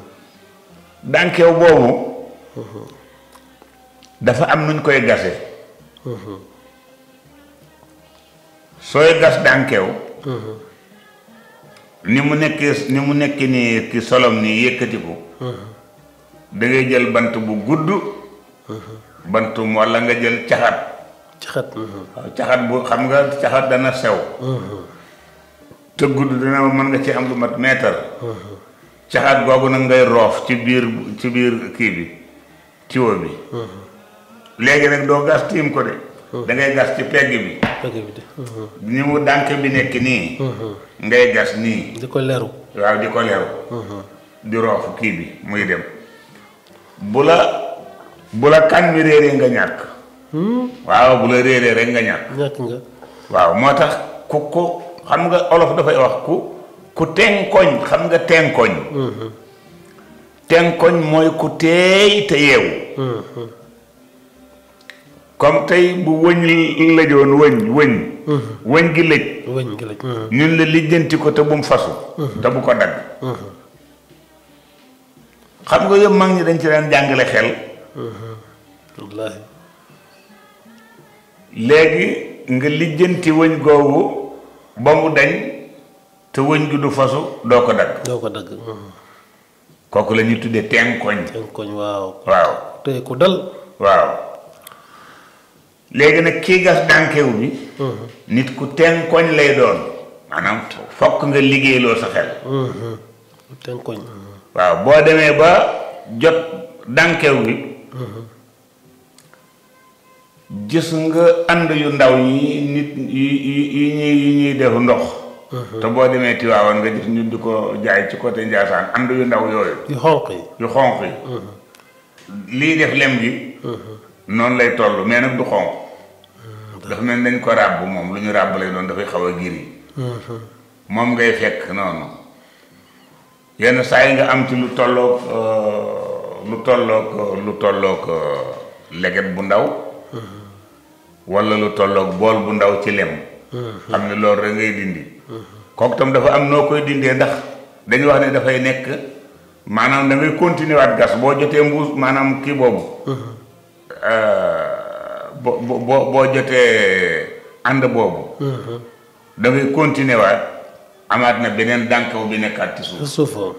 dànkeew boobu. Mm-hmm. dafa am nuñ koy gase. Mm-hmm. sooy gas dànkeew. ni mu nekkee ni mu nekk nii ki solom nii yëkkati ko. jël bant bu gudd. bantum walla nga jël caxat. caxat bu xam nga caxat dana sew te gudd dina mën nga ci am lu mat meetar caxat boobu nag ngay roof ci biir ci biir kii bi tiwo bi léegi nag doo gas tiim ko de da gas ci pegg bi ni mu dànk bi nekk nii ngay gas nii di ko leru waaw di ko leru di roof kii bi muy dem bu la bu la kan mi réeree nga ñàkk waaw bu la réeree rek nga ñàkk. waaw moo tax ku ku xam nga olof dafay wax ku ku tenkoñ xam nga tenkoñ. Mm-hmm. tenkoñ mooy ku teey te yeewu. Mm-hmm. comme tey bu wëñ lëjoon wëñ wëñ. Mm-hmm. wëñ gi lëj. wëñ gi lëj. ñun la lijjanti ko te bu mu fasu. te bu ko dagg. xam nga yëpp mag ñi dañ ci daan jàngale xel. léegi nga lijjanti wëñ googu ba mu dañ te wëñ gi du fasu doo ko dagg. doo ko dagg. Mhm. kooku la ñuy tuddee tenkoñ. tenkoñ waaw. waaw tey ku dal. waaw léegi nag kii gas dànkew bi. Mhm. nit ku tenkoñ lay doon maanaam fokk nga liggéeyloo sa xel. Mhm. tenkoñ. waaw boo demee ba jot dànkew bi. gis nga ànd yu ndaw ñi nit yi ñuy yi ñuy def ndox mhm. te boo demee Tiwaawan nga gis ñun du ko jaay ci côté Njaasaan ànd yu ndaw yooyu yu xonq yi yu xonq mhm. lii def lem gi mhm. noonu lay toll mais nag du xonq dafa mel ni ko ràbb moom lu ñu ràbb lay doon dafay xaw a gir yi moom ngay fekk noonu yenn saa yi nga am ci lu tolloog euh, lu tolloog lu tollook euh, leget bu ndaw wala lu tolok bol bu ndaw ci lem mhm. xamne lool rek ngay dindi kok tam dafa am nokoy dindé ndax dañ wax né da fay nek manam da ngay continuer wat gas bo joté mbuus manam ki bobu mhm. euh bo bo bo joté and bobu mhm. da ngay continuer wat amat na benen dankaw bi nekkat ci suuf suuf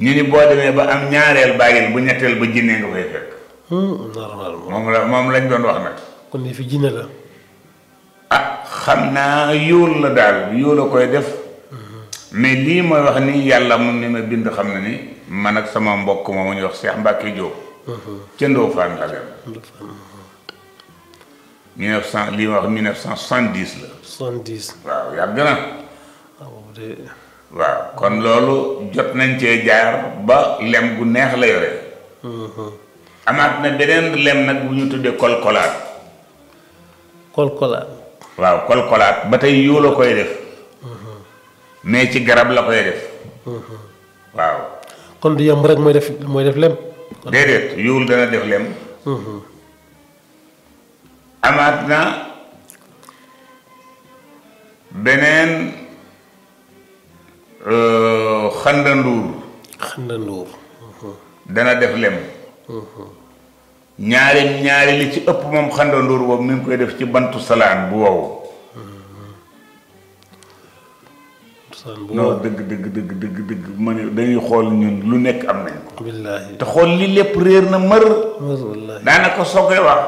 ni bo démé ba am ñaarel bayil bu ñettel ba jinné nga fay fekk hmm, normal mom la mom lañ doon wax nak kon ne fi jinne la ah xam naa yóol la daal yóol a koy def mm-hmm. mais lii mooy wax ni yàlla moom ni ma bind xam na ni man ak sama mbokk moomu ñuy wax Cheikh Mbacke Diop mm-hmm. ca Ndofane la dem mm-hmm. mille neuf cent lii ma wax mille neuf cent soixante-dix la soixante-dix waaw yàgg na ah, waaw kon loolu jot nañ cee jaar ba lem gu neex la yore amaat na beneen lem nag bu ñu tuddee kolkolaat kolkolaat. waaw kolkolaat ba tey yu koy def. mais ci garab la koy def. waaw. kon du yamb rek mooy def mooy def lem. déedéet yuul dana def lem. amaat na beneen euh, xandanduur. xandanduur. dana def lem. ñaari ñaari li ci ëpp moom xandanduur boobu mi ngi koy def ci bantu salaan bu wow. non dëgg dëgg dëgg dëgg dëgg ma ne dañuy xool ñun lu nekk am nañ ko te xool li lépp réer na mër daanaka soo koy wax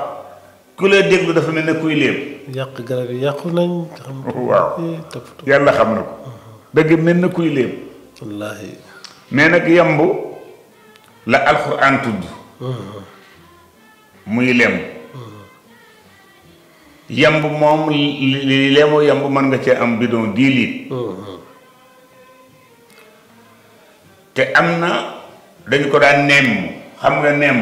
ku la déglu dafa mel ne kuy léeb yàq garab yi yàqu nañ waaw eh, yàlla xam na ko dëgg mel na kuy léeb wallaahi mais nag yamb la alxuraan tudd mm-hmm. muy lem yamb moom li lemu yamb mën nga cee am bidon dix litres te am na dañu ko daan nemm xam nga nemm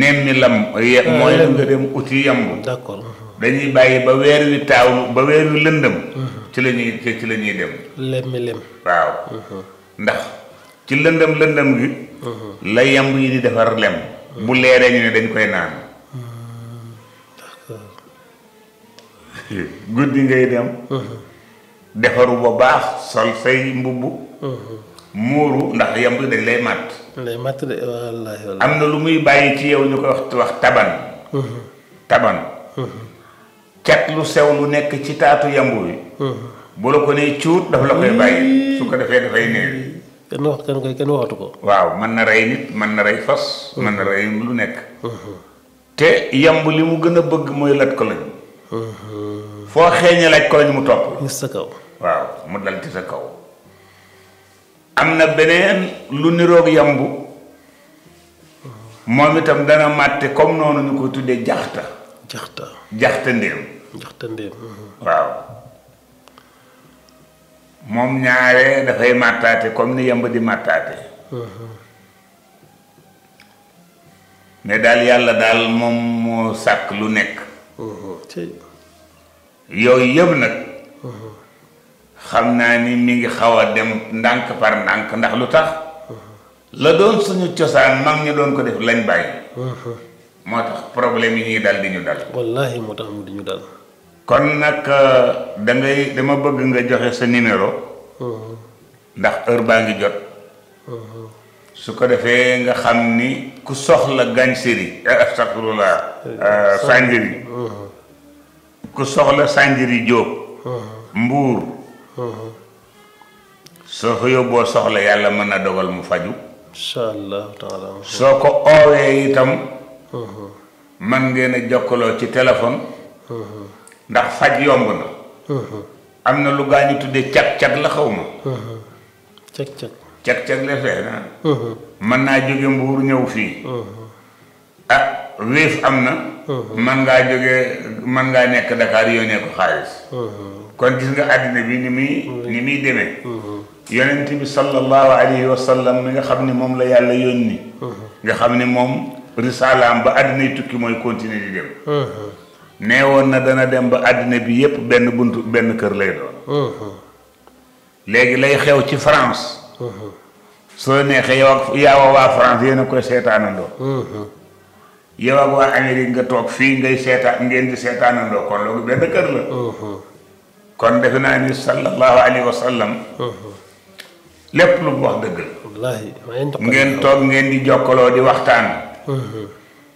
nemm ni lam ah, mooy nga dem uti yamb d'accord dañuy bàyyi ba weer wi taaw ba weer wi lëndëm mhm. ci la ñuy ci la dem lemmi lem waaw mhm. ndax ci lëndëm lëndëm gi mhm. la yamb yi di defar lem bu leeree ñu ne dañ koy naan. guddi ngay dem. defaru ba baax sol say mbubb muuru ndax yamb dañ lay màtt. de wallaahi am na lu muy bàyyi ci yow ñu koy wax wax taban. taban. cat lu sew lu nekk ci taatu yamb bi. bu la ko nee cuut daf la koy bàyyi su ko defee dafay néew. kenn kan wax kenn koy kenn waxatu ko waaw mën na rey nit mën na rey fas mën na rey lu nekk te hmm. yamb li mu gën a bëgg mooy lat ko lañ hmm. foo xeeñe laaj ko lañ mu topp sa kaw waaw mu dal ci sa kaw am na beneen lu niroog yamb hmm. moom itam dana màtte comme noonu ñu ko tuddee jaxta jaxta jaxta ndéem jaxta ndéem waaw moom ñaare dafay màttaate comme ni yëmb di màttaate mais daal yàlla daal moom moo sàkk lu nekk yooyu yëpp nag xam naa ni mi ngi xaw a dem ndànk par ndànk ndax lu tax la doon suñu cosaan mag ñu doon ko def lañ bàyyi uh-huh. moo tax problème yi ñuy dal di ñu dal di ñu dal kon nak eh, da ngay dama bëgg nga joxe sa numéro uh-huh. ndax heure ba ngi jot uh-huh. su ko defé nga xam ni ku soxla gañ siri eh, astagfirullah eh, sanjiri uh-huh. ku soxla sanjiri job, mbuur so xoyo bo soxla yalla mëna dogal mu faju inshallah taala so ko owe itam man ngeena jokkolo ci téléphone ndax faj yomb na. Uh-huh. am na lu gaa ñu tuddee cag cag la xaw ma. Uh-huh. cag cag cag cag la fee na. Ah. Uh-huh. mën naa jóge mbuur ñëw fii. ah wéef am na. man ngaa jóge man ngaa nekk Dakar yónnee ko xaalis. kon gis nga àddina bi ni muy ni muy demee. yonent bi sallallahu alayhi wa sallam mi nga xam ne moom la yàlla yónni. nga xam ne moom risaalaam ba àddina tukki mooy continuer di dem. newon na dana dem ba adina bi yep ben buntu ben keur lay do uh-huh. léegi lay xew ci france uh-huh. soo neexee yow ak wa wa france yéen a koy seetaanandoo uh-huh. yow ak wa amérique nga tok fi ngay setan ngeen di setan ndo kon loolu ben keur la kon defe naa ni sallallahu alaihi wasallam sallam lépp lu wax deug wallahi ngeen tok ngeen di jokkolo di waxtaan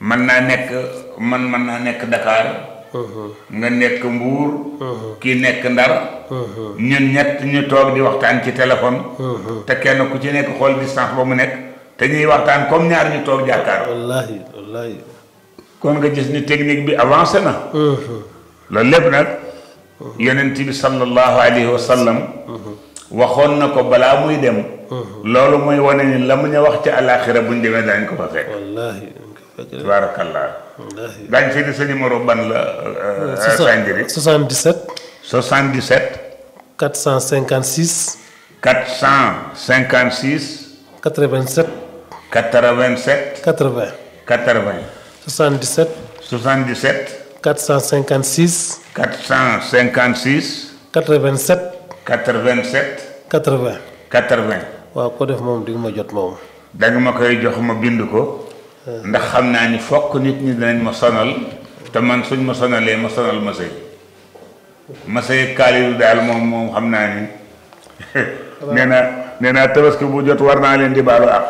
man na nek man man na nek dakar Uh-huh. nga nekk mbuur uh-huh. kii nekk ndar uh-huh. ñun ñett ñu toog di waxtaan ci téléphone te kenn ku ci nekk xool distance ba mu nekk te ñuy waxtaan comme ñaar ñu toog jàkkaar wallaahi kon nga gis ni technique bi avancé na loolu lépp nag yonent bi sallallahu alayhi wa sallam waxoon na ko balaa muy dem loolu mooy wane ni la mu ñu wax ci àllaaxira buñ demee daañ ko fa tabarakallah dañ fi di sa numéro ban la sanjiri 77 77 456 456 87 87 80 80 77 77 456 456 87 87 80 80 waaw ko def moom di ma jot moom da nga ma koy jox ma bind ko ndax xam naa ni fokk nit ñi danañ ma sonal te man suñ ma sonalee ma sonal ma sëy ma sëy kaalilu daal moom moom xam naa ni nee na nee naa tabaski bu jot war naa leen di baalu ak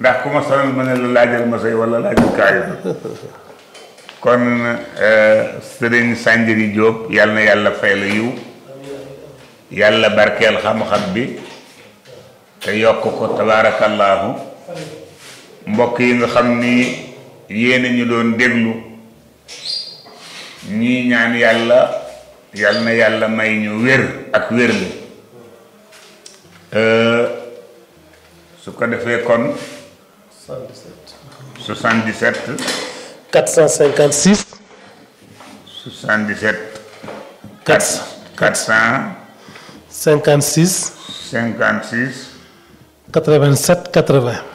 ndax ku ma sonal ma ne la laajal ma sëy wala laajal kaalilu kon sëriñ Sanjiri Diop yàlla na yàlla fay la yiw yàlla barkeel xam-xam bi te yokk ko tabaarakallaahu mbokk yi nga xam ni yéene ñu doon déglu ñi ñaan yàlla yàlla na yàlla may ñu wér ak wér li euh, su ko defee kon 77 456 77 4 456 56 87 80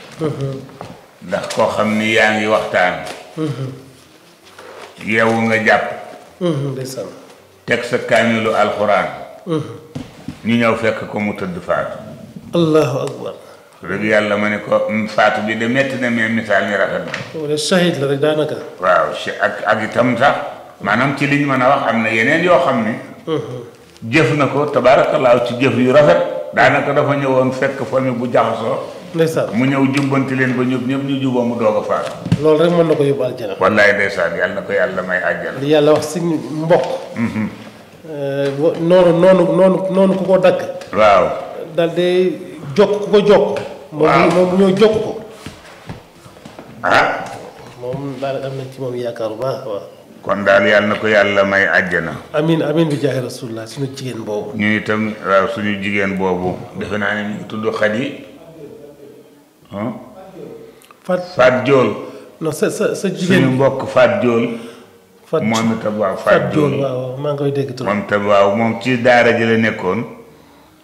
ndax ko xam ni yaa ngi waxtaan yeewu nga jàpp teg sa kaamilu alquran ñu ñëw fekk ko mu tëdd faatu allahu akbar rek yàlla ma ne ko faatu bi de metti na mais misaal ni rafet na wala shahid la rek daanaka waaw ak ak itam sax maanaam ci liñ mën a wax am na yeneen yoo xam ni jëf na ko tabaarakallaahu ci jëf yu rafet daanaka dafa ñëwoon fekk famille bu jaxasoo ndeysaan mu ñëw jumbanti leen ba ñëpp ñëpp ñu juboo mu doog a faatu loolu rek mën na ko yóbbu aljana wallaay ndeysaan yàlla ko yàlla may àjjana yàlla wax si mbokk mm-hmm. eh, noonu noonu noonu noonu ku ko dagg waaw daal de ko jokk moom moom ah? moom daal ci moom yaakaar bu kon daal yàlla na ko yàlla may àjjana. amiin amiin bi jaahi rasulullah suñu jigéen boobu. ñu itam waaw suñu jigéen boobu defe naa ne ñu tudd Xadi Faat Faat Jool. non sa sa mbokk Faat Jool. Faat moom itam waaw maa ngi koy dégg trop. moom itam ci daara ji la nekkoon.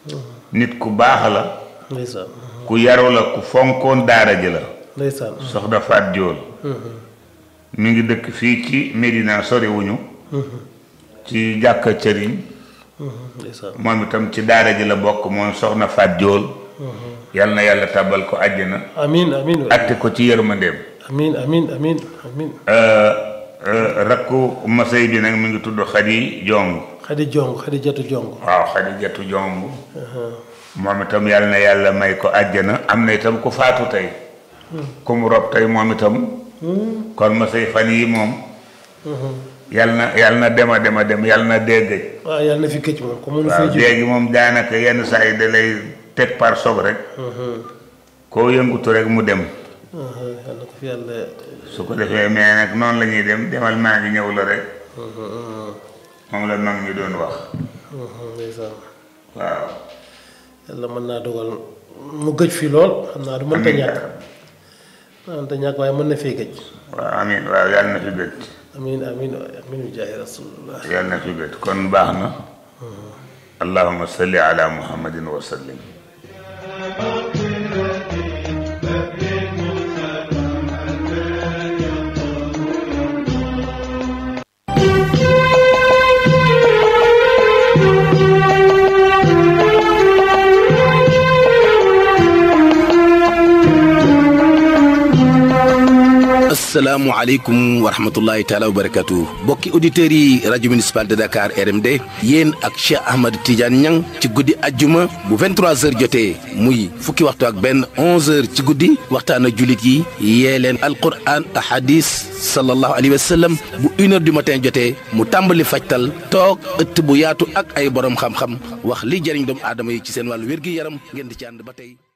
Hmm. nit ku baax la. ku yaru ku fonkoon daara ji la. ndeysaan hmm. soxna Faat Jool. Hmm. mi ngi dëkk fii ci Médina sori ci jàkka cëriñ. moom itam ci daara ji la bokk moom soxna Faat Jool. yal na yàlla tàbbal ko àjjana. na amiin atte ko ci yërmandeem. amiin amiin amiin amiin. Euh, euh, rakku masay bi nag mi ngi tudd Xadi Jong. Xadi Jong Xadi Jatu Jong. waaw Xadi Jatu Jong. moom itam yal na yàlla may ko àjjana am na itam ko faatu tey. Hmm. ku mu rob tey moom itam. Hmm. kon masay fan yi moom. yàlla na yàlla na dem a dem a dem yàlla na dee gëj. waaw na fi gëj moom. comme moom fi moom daanaka yenn saa yi da lay. teg par soog rek. koo yëngutu rek mu dem. su ko defee mais nag noonu la ñuy dem demal maa ngi ñëw la rek. moom la mag ñu doon wax. waaw. yàlla mën naa dogal mu gëj fi lool xam naa du mënta ñàkk. waaye mën na fee gëj. waaw amiin waaw yàlla na fi gëj. amiin amiin amiin bi jaahi rasulullah. yàlla na fi gëj kon baax na. allahumma salli ala muhammadin wa sallim. asalaamualeykum wa rahmatullahi taala wa barakatu bokki auditeurs yi rajo municipal de Dakar RMD yéen ak Cheikh Ahmad Tidiane ñan ci guddi ajjuma bu 23h jotee muy fukki waxtu ak benn 11h ci guddi waxtaan ak jullit yi yee leen alquran ak hadis sallallahu alayhi wa sallam bu une di du matin jotee mu tàmbali fajtal toog ëtt bu yaatu ak ay borom xam-xam wax li jëriñ doomu aadama yi ci seen wàllu wér-gi-yaram ngeen di ci ànd ba tey